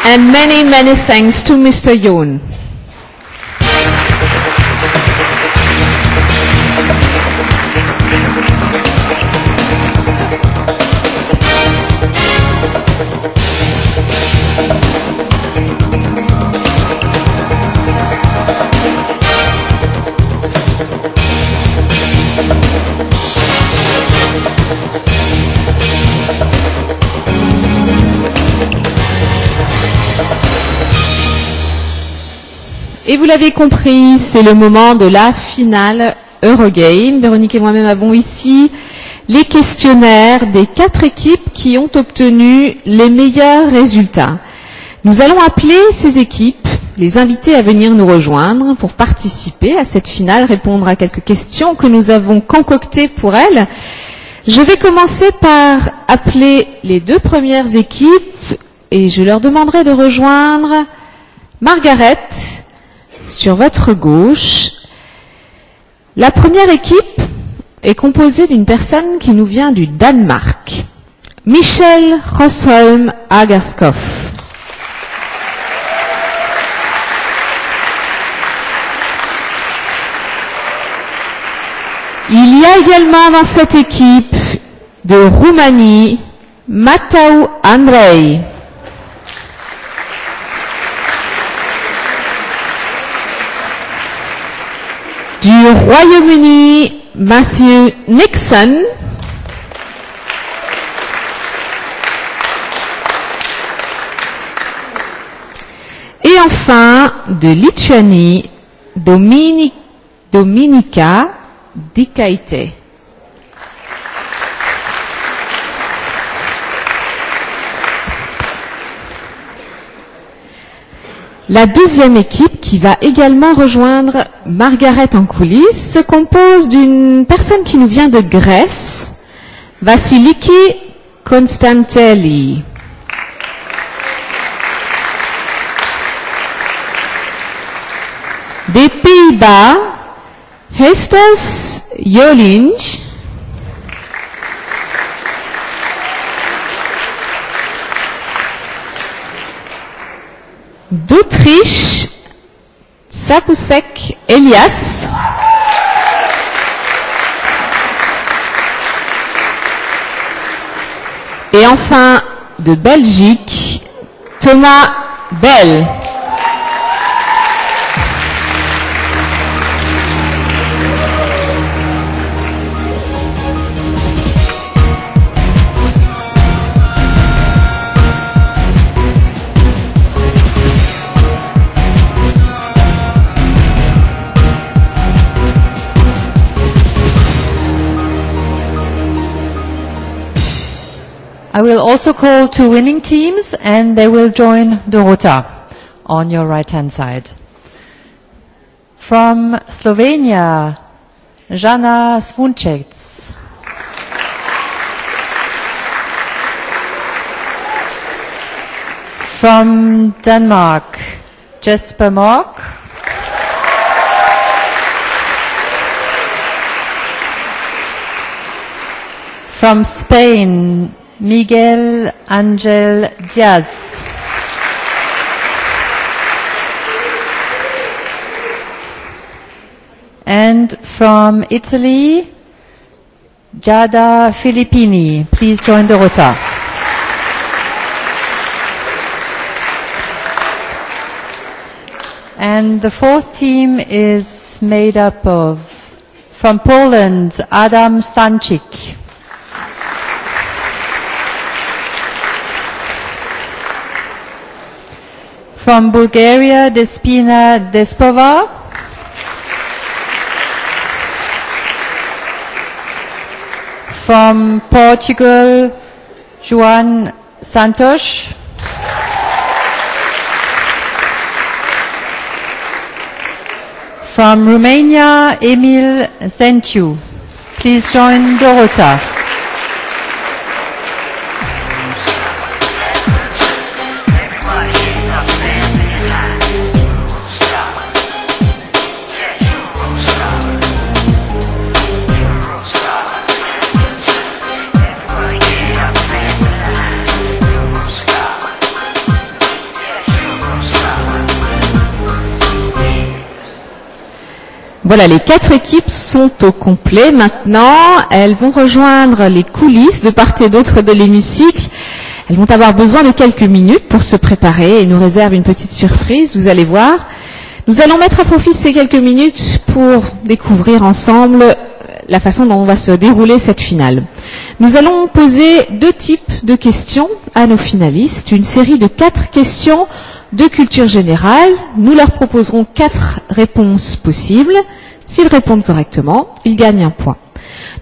And many, many thanks to Mr. Yoon. Et vous l'avez compris, c'est le moment de la finale Eurogame. Véronique et moi-même avons ici les questionnaires des quatre équipes qui ont obtenu les meilleurs résultats. Nous allons appeler ces équipes, les inviter à venir nous rejoindre pour participer à cette finale, répondre à quelques questions que nous avons concoctées pour elles. Je vais commencer par appeler les deux premières équipes et je leur demanderai de rejoindre Margaret, sur votre gauche. La première équipe est composée d'une personne qui nous vient du Danemark. Michel Rosholm Agaskov. Il y a également dans cette équipe de Roumanie Matau Andrei. du Royaume-Uni, Matthew Nixon. Et enfin, de Lituanie, Dominique, Dominica Dikaite. La deuxième équipe, qui va également rejoindre Margaret en coulisses, se compose d'une personne qui nous vient de Grèce, Vasiliki Constantelli. Des Pays-Bas, Hestas Jolinj. d'Autriche, Sakousek Elias. Et enfin, de Belgique, Thomas Bell.
I will also call two winning teams and they will join Dorota on your right hand side. From Slovenia, Jana Svunček. From Denmark, Jesper Mork. From Spain, Miguel Angel Diaz. And from Italy, Giada Filippini. Please join the rota. And the fourth team is made up of, from Poland, Adam Stancic. From Bulgaria, Despina Despova. From Portugal, Joan Santos. From Romania, Emil Sentiu. Please join Dorota.
Voilà, les quatre équipes sont au complet maintenant. Elles vont rejoindre les coulisses de part et d'autre de l'hémicycle. Elles vont avoir besoin de quelques minutes pour se préparer et nous réservent une petite surprise, vous allez voir. Nous allons mettre à profit ces quelques minutes pour découvrir ensemble la façon dont on va se dérouler cette finale. Nous allons poser deux types de questions à nos finalistes, une série de quatre questions de culture générale. Nous leur proposerons quatre réponses possibles. S'ils répondent correctement, ils gagnent un point.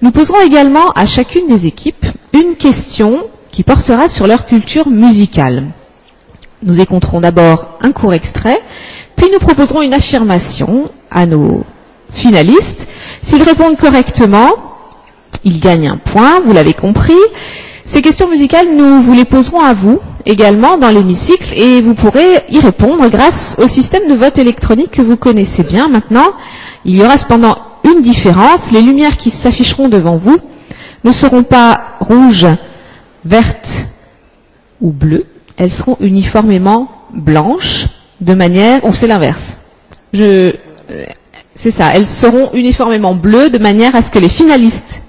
Nous poserons également à chacune des équipes une question qui portera sur leur culture musicale. Nous écouterons d'abord un court extrait, puis nous proposerons une affirmation à nos finalistes. S'ils répondent correctement, ils gagnent un point, vous l'avez compris. Ces questions musicales, nous vous les poserons à vous également dans l'hémicycle et vous pourrez y répondre grâce au système de vote électronique que vous connaissez bien maintenant. Il y aura cependant une différence. Les lumières qui s'afficheront devant vous ne seront pas rouges, vertes ou bleues. Elles seront uniformément blanches de manière, ou c'est l'inverse. Je, c'est ça. Elles seront uniformément bleues de manière à ce que les finalistes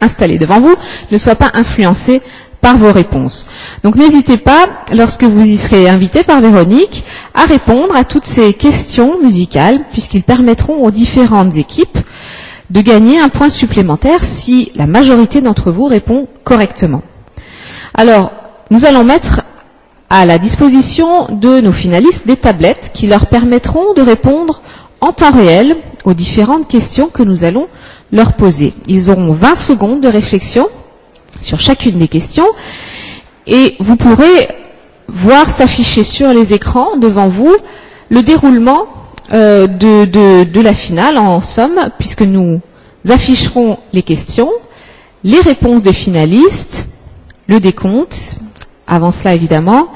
installés devant vous ne soient pas influencés par vos réponses. Donc n'hésitez pas, lorsque vous y serez invité par Véronique, à répondre à toutes ces questions musicales, puisqu'ils permettront aux différentes équipes de gagner un point supplémentaire si la majorité d'entre vous répond correctement. Alors, nous allons mettre à la disposition de nos finalistes des tablettes qui leur permettront de répondre euh, en temps réel aux différentes questions que nous allons leur poser. Ils auront 20 secondes de réflexion sur chacune des questions et vous pourrez voir s'afficher sur les écrans devant vous le déroulement euh, de, de, de la finale en somme puisque nous afficherons les questions, les réponses des finalistes, le décompte, avant cela évidemment,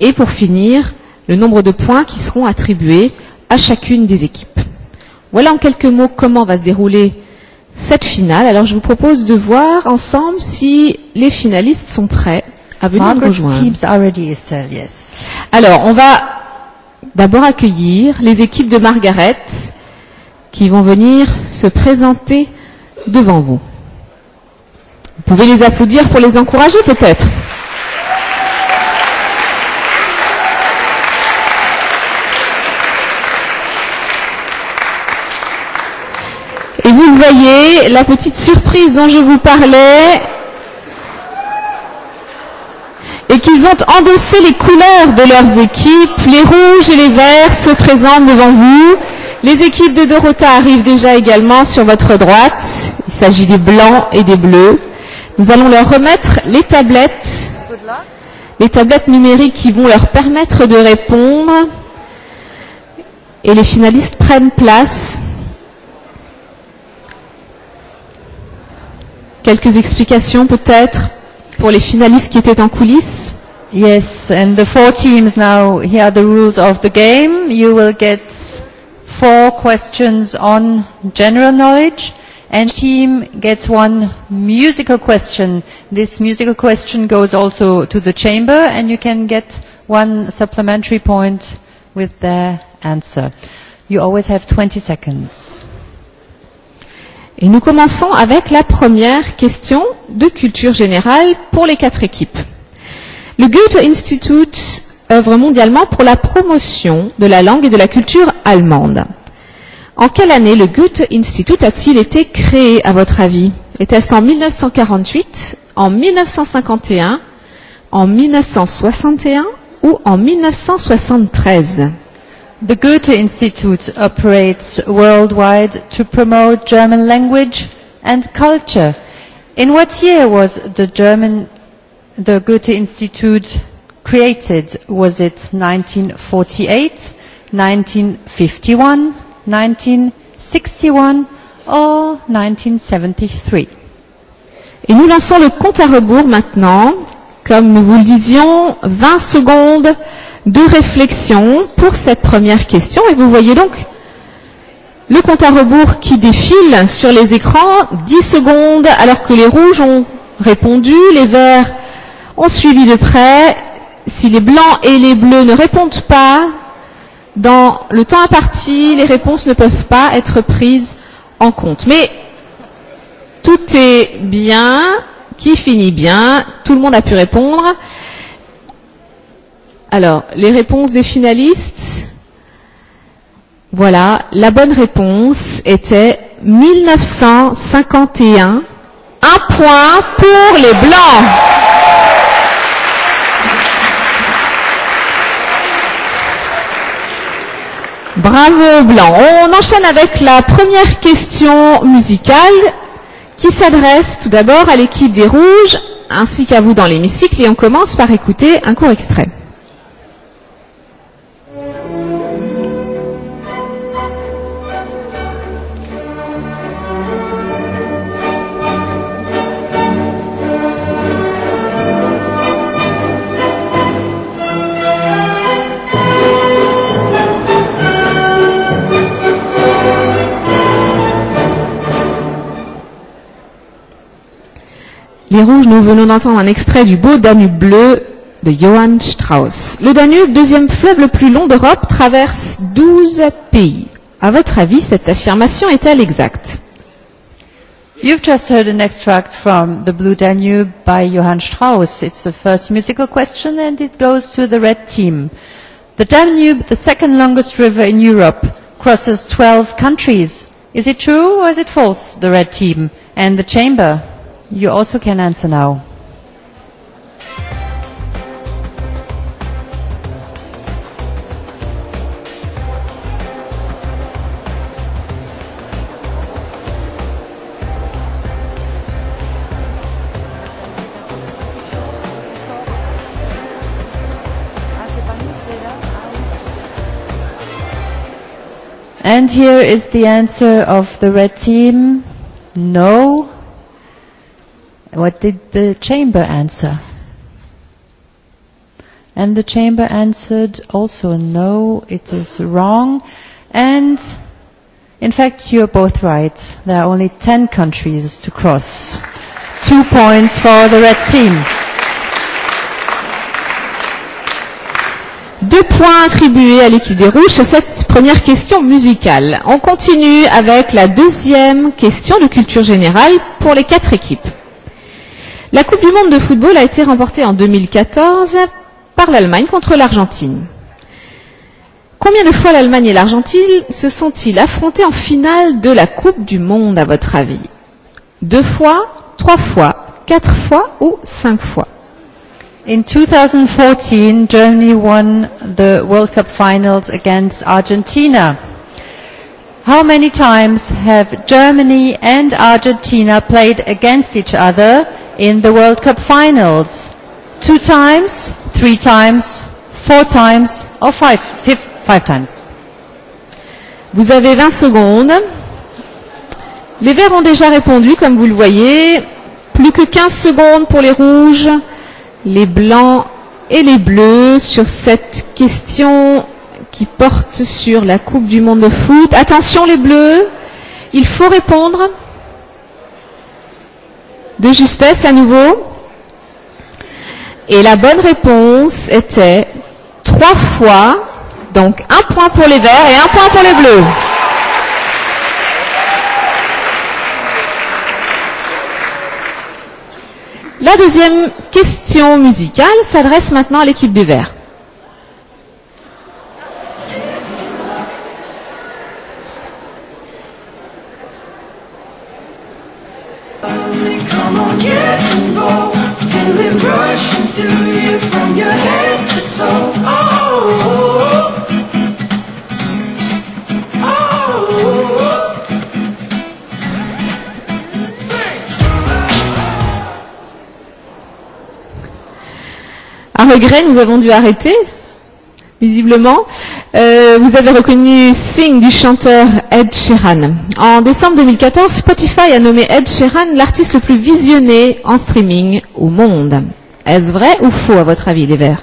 et pour finir, le nombre de points qui seront attribués à chacune des équipes. Voilà en quelques mots comment va se dérouler cette finale. Alors je vous propose de voir ensemble si les finalistes sont prêts à venir Margaret's rejoindre. Teams already is there, yes. Alors on va d'abord accueillir les équipes de Margaret qui vont venir se présenter devant vous. Vous pouvez les applaudir pour les encourager peut-être. vous le voyez, la petite surprise dont je vous parlais et qu'ils ont endossé les couleurs de leurs équipes. Les rouges et les verts se présentent devant vous. Les équipes de Dorota arrivent déjà également sur votre droite. Il s'agit des blancs et des bleus. Nous allons leur remettre les tablettes, les tablettes numériques qui vont leur permettre de répondre. Et les finalistes prennent place. Quelques explications peut-être pour les finalistes qui étaient en coulisses. Yes, and
the four teams now, here are the rules of the game. You will get four questions on general knowledge and team gets one musical question. This musical question goes also to the chamber and you can get one supplementary point with their answer. You always have 20 seconds. Et nous commençons avec la première
question de culture générale pour les quatre équipes. Le Goethe Institute œuvre mondialement pour la promotion de la langue et de la culture allemande. En quelle année le Goethe Institut a-t-il été créé, à votre avis Était-ce en 1948, en 1951, en 1961
ou en 1973 The Goethe Institute operates worldwide to promote German language and culture. In what year was the German, the Goethe Institute created? Was it 1948, 1951, 1961 or 1973?
Et nous lançons le compte à rebours maintenant. Comme nous vous le disions, 20 secondes de réflexion pour cette première question. Et vous voyez donc le compte à rebours qui défile sur les écrans, 10 secondes alors que les rouges ont répondu, les verts ont suivi de près. Si les blancs et les bleus ne répondent pas, dans le temps imparti, les réponses ne peuvent pas être prises en compte. Mais tout est bien, qui finit bien, tout le monde a pu répondre. Alors, les réponses des finalistes. Voilà, la bonne réponse était 1951. Un point pour les blancs. Bravo aux blancs. On enchaîne avec la première question musicale qui s'adresse tout d'abord à l'équipe des rouges ainsi qu'à vous dans l'hémicycle et on commence par écouter un court extrait. Les Rouges, nous venons d'entendre un extrait du beau Danube bleu de Johann Strauss. Le Danube, deuxième fleuve le plus long d'Europe, traverse 12 pays. À votre
avis, cette affirmation est-elle exacte You've just heard an extract from The Blue Danube by Johann Strauss. It's the first musical question and it goes to the red team. The Danube, the second longest river in Europe, crosses 12 countries. Is it true or is it false, the red team and the chamber? You also can answer now. And here is the answer of the red team. No. What did the chamber answer? And the chamber answered also, no, it is wrong. And in fact, you're both right. There are only 10 countries to cross. Two points for the red team.
Deux points attribués à l'équipe des Rouges sur cette première question musicale. On continue avec la deuxième question de culture générale pour les quatre équipes. La Coupe du monde de football a été remportée en 2014 par l'Allemagne contre l'Argentine. Combien de fois l'Allemagne et l'Argentine se sont-ils affrontés en finale de la Coupe du monde à votre avis Deux fois, trois
fois, quatre fois ou cinq fois In 2014, Germany won the World Cup finals against Argentina. How many times have Germany and Argentina played against each other? in the World Cup finals? Two times, three times, four times or five, five, five times. Vous avez 20 secondes. Les verts ont déjà répondu, comme vous le voyez.
Plus que 15 secondes pour les rouges, les blancs et les bleus sur cette question qui porte sur la Coupe du Monde de foot. Attention les bleus, il faut répondre de justesse à nouveau. Et la bonne réponse était trois fois. Donc un point pour les verts et un point pour les bleus. La deuxième question musicale s'adresse maintenant à l'équipe des verts. un regret, nous avons dû arrêter, visiblement. Euh, vous avez reconnu Sing du chanteur Ed Sheeran. En décembre 2014, Spotify a nommé Ed Sheeran l'artiste le plus visionné
en streaming au monde. Est-ce vrai ou faux à votre avis, les Verts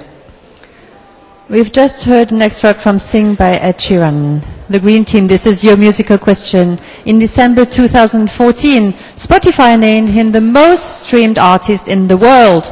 We've just heard an extract from Sing by Ed Sheeran. The Green Team, this is your musical question. In December 2014, Spotify named him the most streamed artist in the world.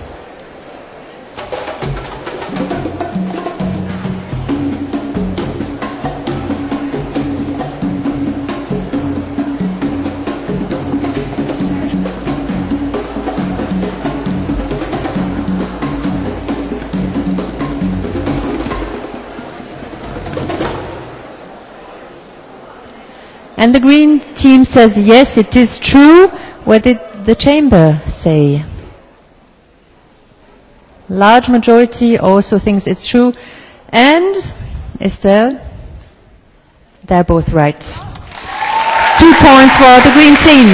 And the green team says yes, it is true. What did the chamber say? Large majority also thinks it's true. And Estelle, they're both right. Two points for the green team.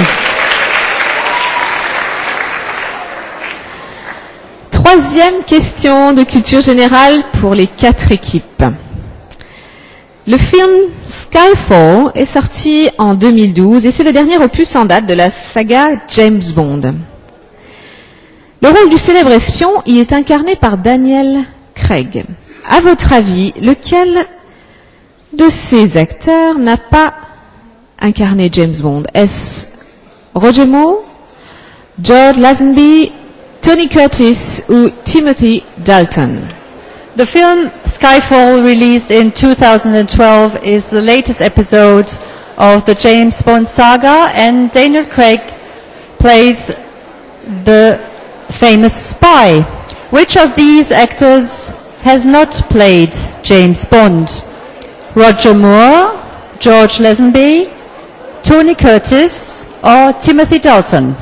Troisième question de culture générale pour les quatre équipes. Le film Skyfall est sorti en 2012 et c'est le dernier opus en date de la saga James Bond. Le rôle du célèbre espion y est incarné par Daniel Craig. À votre avis, lequel de ces acteurs n'a pas incarné James Bond Est-ce Roger Moore, George
Lazenby, Tony Curtis ou Timothy Dalton The film Skyfall, released in 2012, is the latest episode of the James Bond saga, and Daniel Craig plays the famous spy. Which of these actors has not played James Bond? Roger Moore, George Lesenby, Tony Curtis or Timothy Dalton?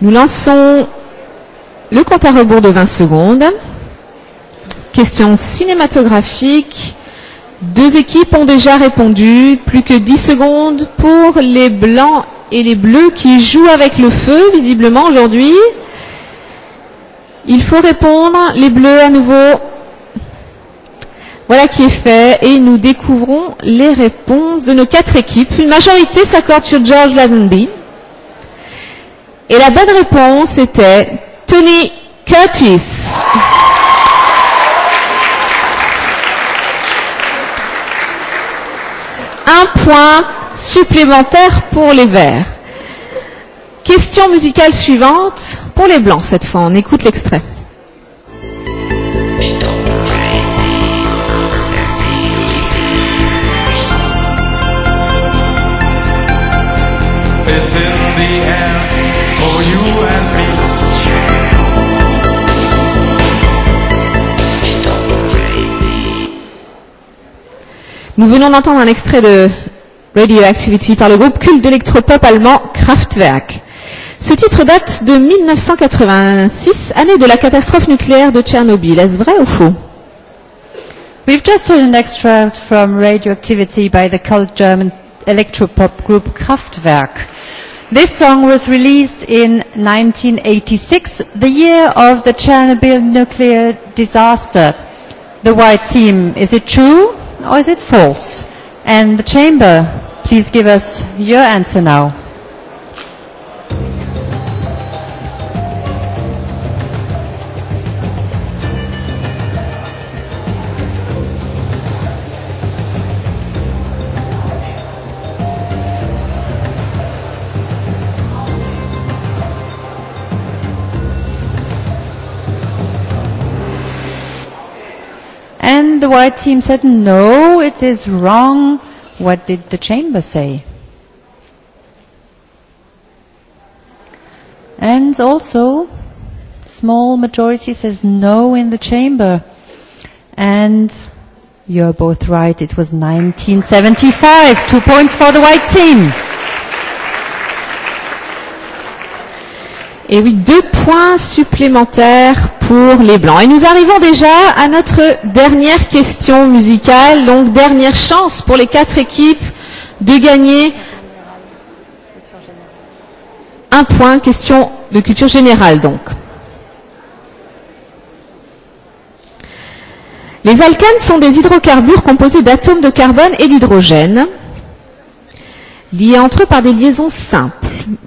Nous lançons le compte à rebours de 20 secondes
question cinématographique. Deux équipes ont déjà répondu. Plus que 10 secondes pour les blancs et les bleus qui jouent avec le feu, visiblement, aujourd'hui. Il faut répondre. Les bleus, à nouveau. Voilà qui est fait. Et nous découvrons les réponses de nos quatre équipes. Une majorité s'accorde sur George Lazenby. Et la bonne réponse était Tony Curtis. un point supplémentaire pour les verts. Question musicale suivante, pour les blancs cette fois, on écoute l'extrait.
It's in the air.
Nous venons d'entendre un extrait de Radioactivity par le groupe culte d'électropop allemand Kraftwerk. Ce titre date de 1986, année de la catastrophe nucléaire de Tchernobyl. Est-ce vrai ou
faux? We've just heard an extract from Radioactivity by the cult German electropop group Kraftwerk. This song was released in 1986, the year of the Chernobyl nuclear disaster. The White Team, is it true or is it false? And the chamber, please give us your answer now. And the white team said, no, it is wrong. What did the chamber say? And also, small majority says no in the chamber. And you're both right, it was 1975. Two points for the white team.
Et oui, deux points supplémentaires pour les blancs. Et nous arrivons déjà à notre dernière question musicale, donc dernière chance pour les quatre équipes de gagner un point, question de culture générale donc. Les alcanes sont des hydrocarbures composés d'atomes de carbone et d'hydrogène liés entre eux par des liaisons simples.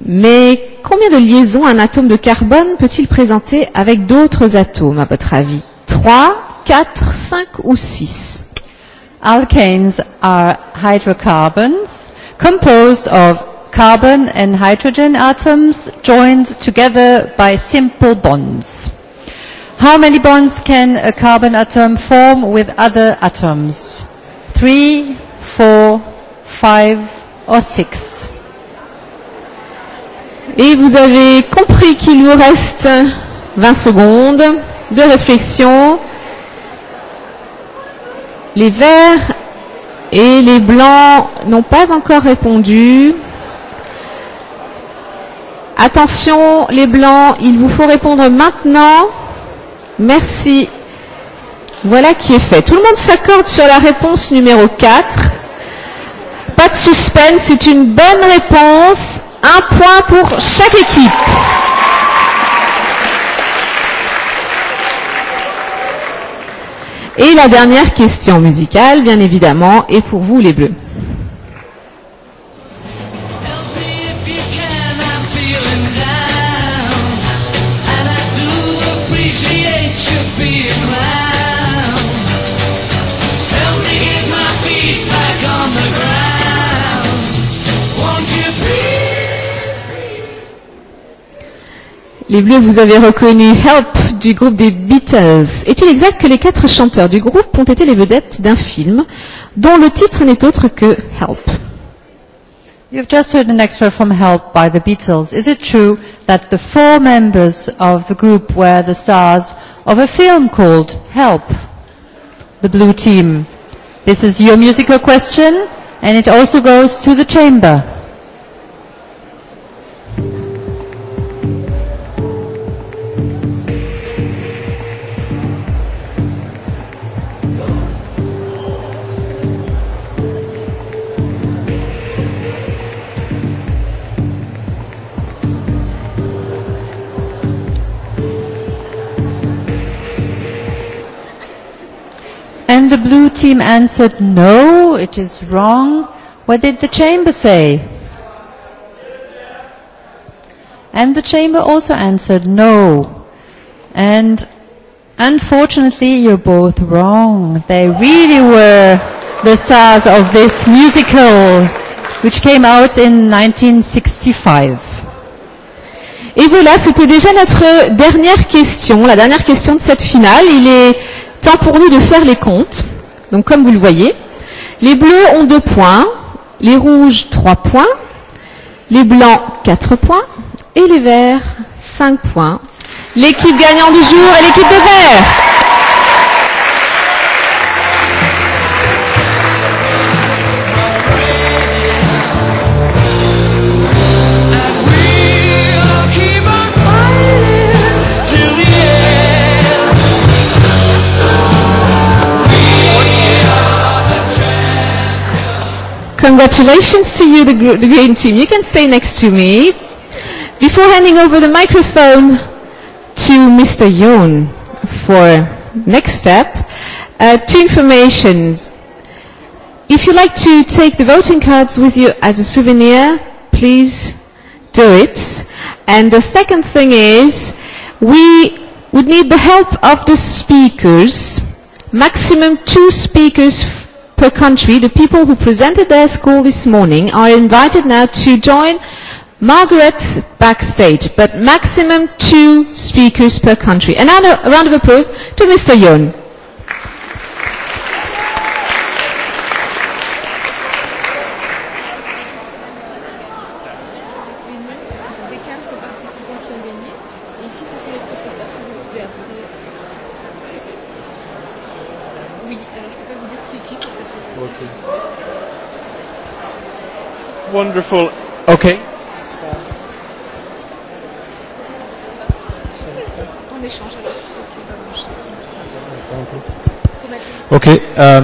Mais combien de liaisons un atome de carbone peut-il présenter avec d'autres atomes, à votre avis 3,
4, 5 ou 6 Alkanes are hydrocarbons composed of carbon and hydrogen atoms joined together by simple bonds. How many bonds can a carbon atom form with other atoms? Three, four, five, au sexe. Et vous avez
compris qu'il vous reste 20 secondes de réflexion. Les verts et les blancs n'ont pas encore répondu. Attention, les blancs, il vous faut répondre maintenant. Merci. Voilà qui est fait. Tout le monde s'accorde sur la réponse numéro 4 pas de suspense, c'est une bonne réponse. Un point pour chaque équipe. Et la dernière question musicale, bien évidemment, est pour vous les bleus. Les Bleus, vous avez reconnu Help du groupe des Beatles. Est-il exact que les
quatre chanteurs du groupe ont été les vedettes d'un film dont le titre n'est autre que Help? You've just heard an extra from Help by the Beatles. Is it true that the four members of the group were the stars of a film called Help? The Blue Team. This is your musical question and it also goes to the chamber. the blue team answered no, it is wrong. What did the chamber say? And the chamber also answered no. And unfortunately, you're both wrong. They really were the stars of this musical, which came out in 1965.
Et voilà, c'était déjà notre dernière question, la dernière question de cette finale. Il est Temps pour nous de faire les comptes. Donc comme vous le voyez, les bleus ont 2 points, les rouges 3 points, les blancs 4 points et les verts 5 points. L'équipe gagnante du jour est l'équipe de verts. Congratulations to you, the, gr- the green team. You can stay next to me. Before handing over the microphone to Mr. Yoon for next step, uh, two informations. If you like to take the voting cards with you as a souvenir, please do it. And the second thing is, we would need the help of the speakers, maximum two speakers per country, the people who presented their school this morning are invited now to join Margaret backstage, but maximum two speakers per country. Another round of applause to Mr. Young.
wonderful. Okay.
Okay. Um,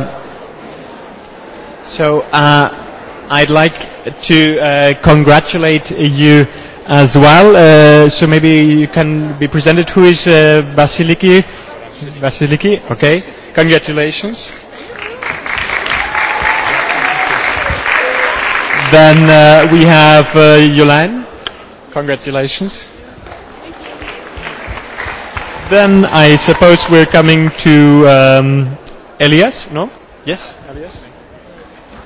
so uh, I'd like to uh, congratulate you as well. Uh, so maybe you can be presented. Who is uh, Basiliki? Basiliki. Okay. Congratulations. Then uh, we have uh, Yolan. Congratulations. Then I suppose we're coming to um, Elias, no?
Yes, Elias.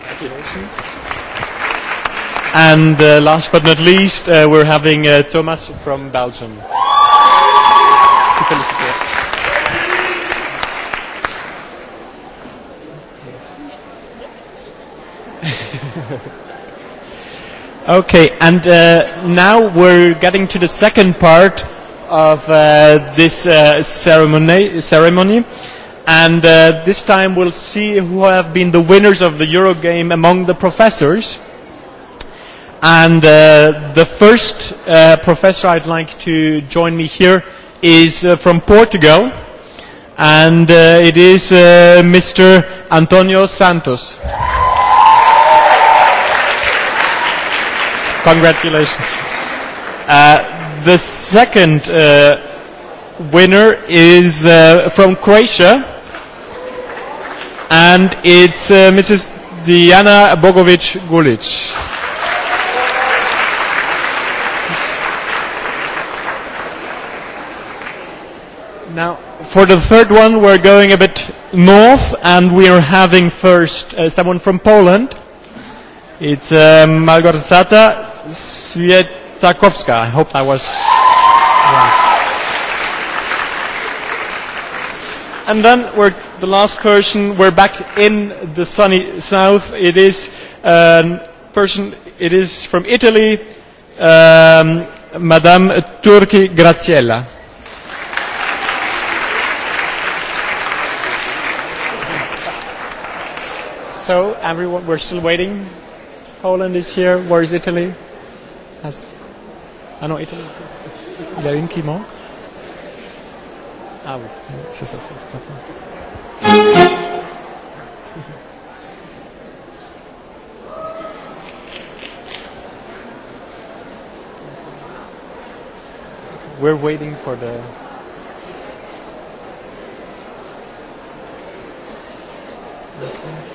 Congratulations.
And uh, last but not least, uh, we're having uh, Thomas from Belgium. To felicitate. Yes. Okay, and uh, now we're getting to the second part of uh, this uh, ceremony, ceremony, and uh, this time we'll see who have been the winners of the Eurogame among the professors. And uh, the first uh, professor I'd like to join me here is uh, from Portugal, and uh, it is uh, Mr. Antonio Santos. Congratulations. Uh, the second uh, winner is uh, from Croatia, and it's uh, Mrs. Diana Bogovic Gulic. Now, for the third one, we're going a bit north, and we are having first uh, someone from Poland. It's uh, Malgorzata Svetakovska. I hope I was right. And then we're the last person. We're back in the sunny south. It is a person. It is from Italy, um, Madame Turki Graziella. So everyone, we're still waiting. Poland is here. Where is Italy? Has... Ah non, Italy. Il y a une qui manque. Ah oui, c'est ça, c'est ça. à We're waiting for the. Okay.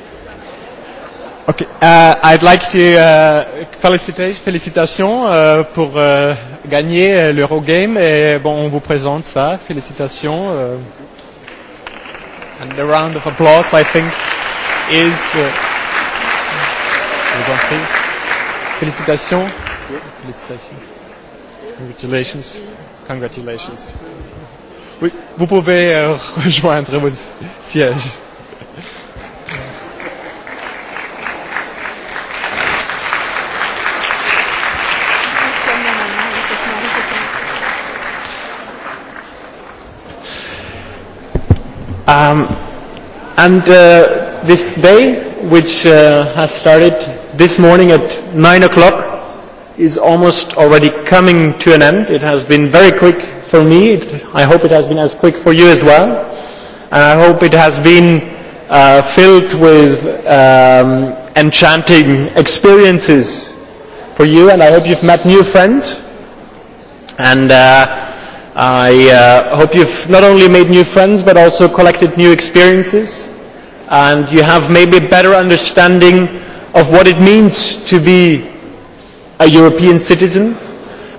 Okay. Uh, I'd like to uh, felicitate, félicitations uh, pour uh, gagner l'Eurogame et bon, on vous présente ça. Félicitations. Uh, and a round of applause, I think, is. Uh, vous en prie. Félicitations. Félicitations. Congratulations. Congratulations. Oui, vous pouvez uh, rejoindre vos
sièges. Um,
and uh, this day, which uh, has started this morning at 9 o'clock, is almost already coming to an end. It has been very quick for me. It, I hope it has been as quick for you as well. And I hope it has been uh, filled with um, enchanting experiences for you. And I hope you've met new friends. And uh, I uh, hope you've not only made new friends but also collected new experiences and you have maybe a better understanding of what it means to be a European citizen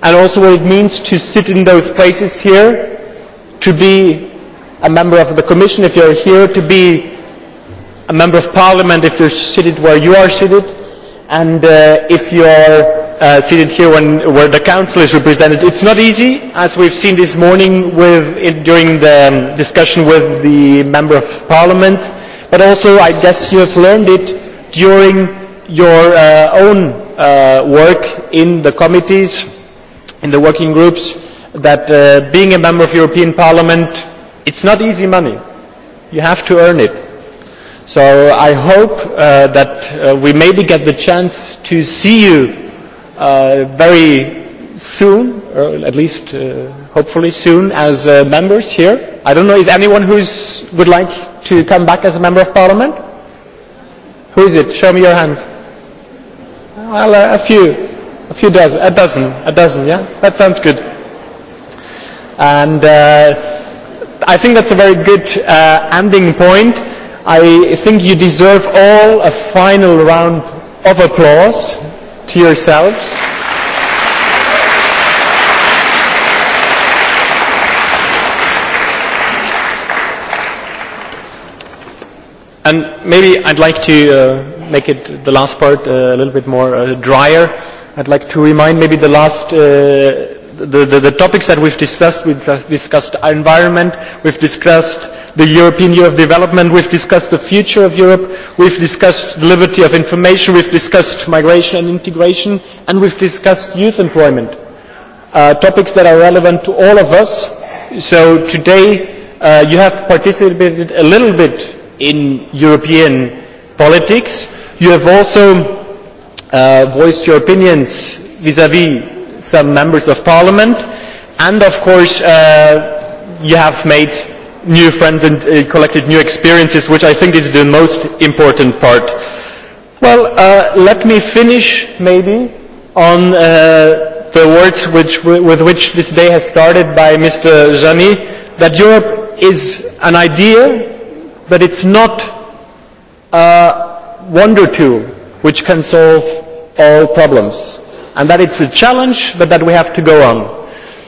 and also what it means to sit in those places here, to be a member of the Commission if you're here, to be a member of Parliament if you're seated where you are seated, and uh, if you're uh, seated here when, where the council is represented. It's not easy, as we've seen this morning with, in during the um, discussion with the member of parliament, but also I guess you have learned it during your uh, own uh, work in the committees, in the working groups, that uh, being a member of European Parliament, it's not easy money. You have to earn it. So I hope uh, that uh, we maybe get the chance to see you uh, very soon, or at least uh, hopefully soon, as uh, members here. I don't know, is anyone who would like to come back as a member of parliament? Who is it? Show me your hands. Well, uh, a few, a few dozen, a dozen, a dozen, yeah? That sounds good. And uh, I think that's a very good uh, ending point. I think you deserve all a final round of applause to yourselves. And maybe I'd like to uh, make it the last part uh, a little bit more uh, drier. I'd like to remind maybe the last, uh, the, the, the topics that we've discussed. We've discussed our environment. We've discussed the European Year of Development. We've discussed the future of Europe. We've discussed liberty of information. We've discussed migration and integration. And we've discussed youth employment, uh, topics that are relevant to all of us. So today uh, you have participated a little bit in European politics. You have also uh, voiced your opinions vis-à-vis some members of parliament. And of course, uh, you have made new friends and uh, collected new experiences, which I think is the most important part. Well, uh, let me finish maybe on uh, the words which, with which this day has started by Mr. Jamy, that Europe is an idea, but it's not a wonder tool which can solve all problems. And that it's a challenge, but that we have to go on.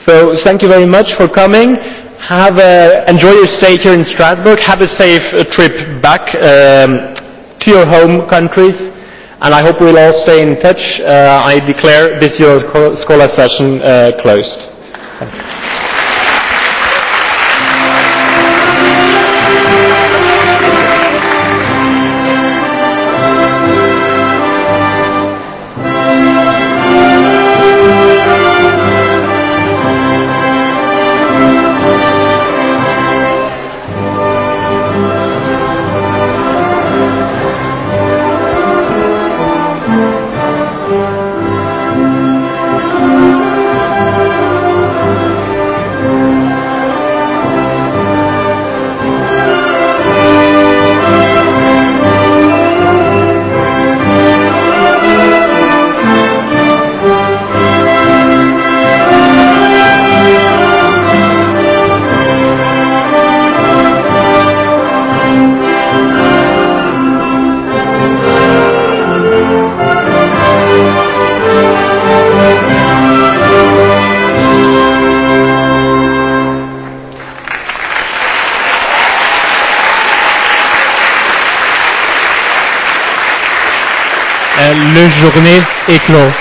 So thank you very much for coming Have a, enjoy your stay here in Strasbourg. Have a safe uh, trip back um, to your home countries. And I hope we'll all stay in touch. Uh, I declare this year's Scholar session uh, closed. Thank you. journée est clos.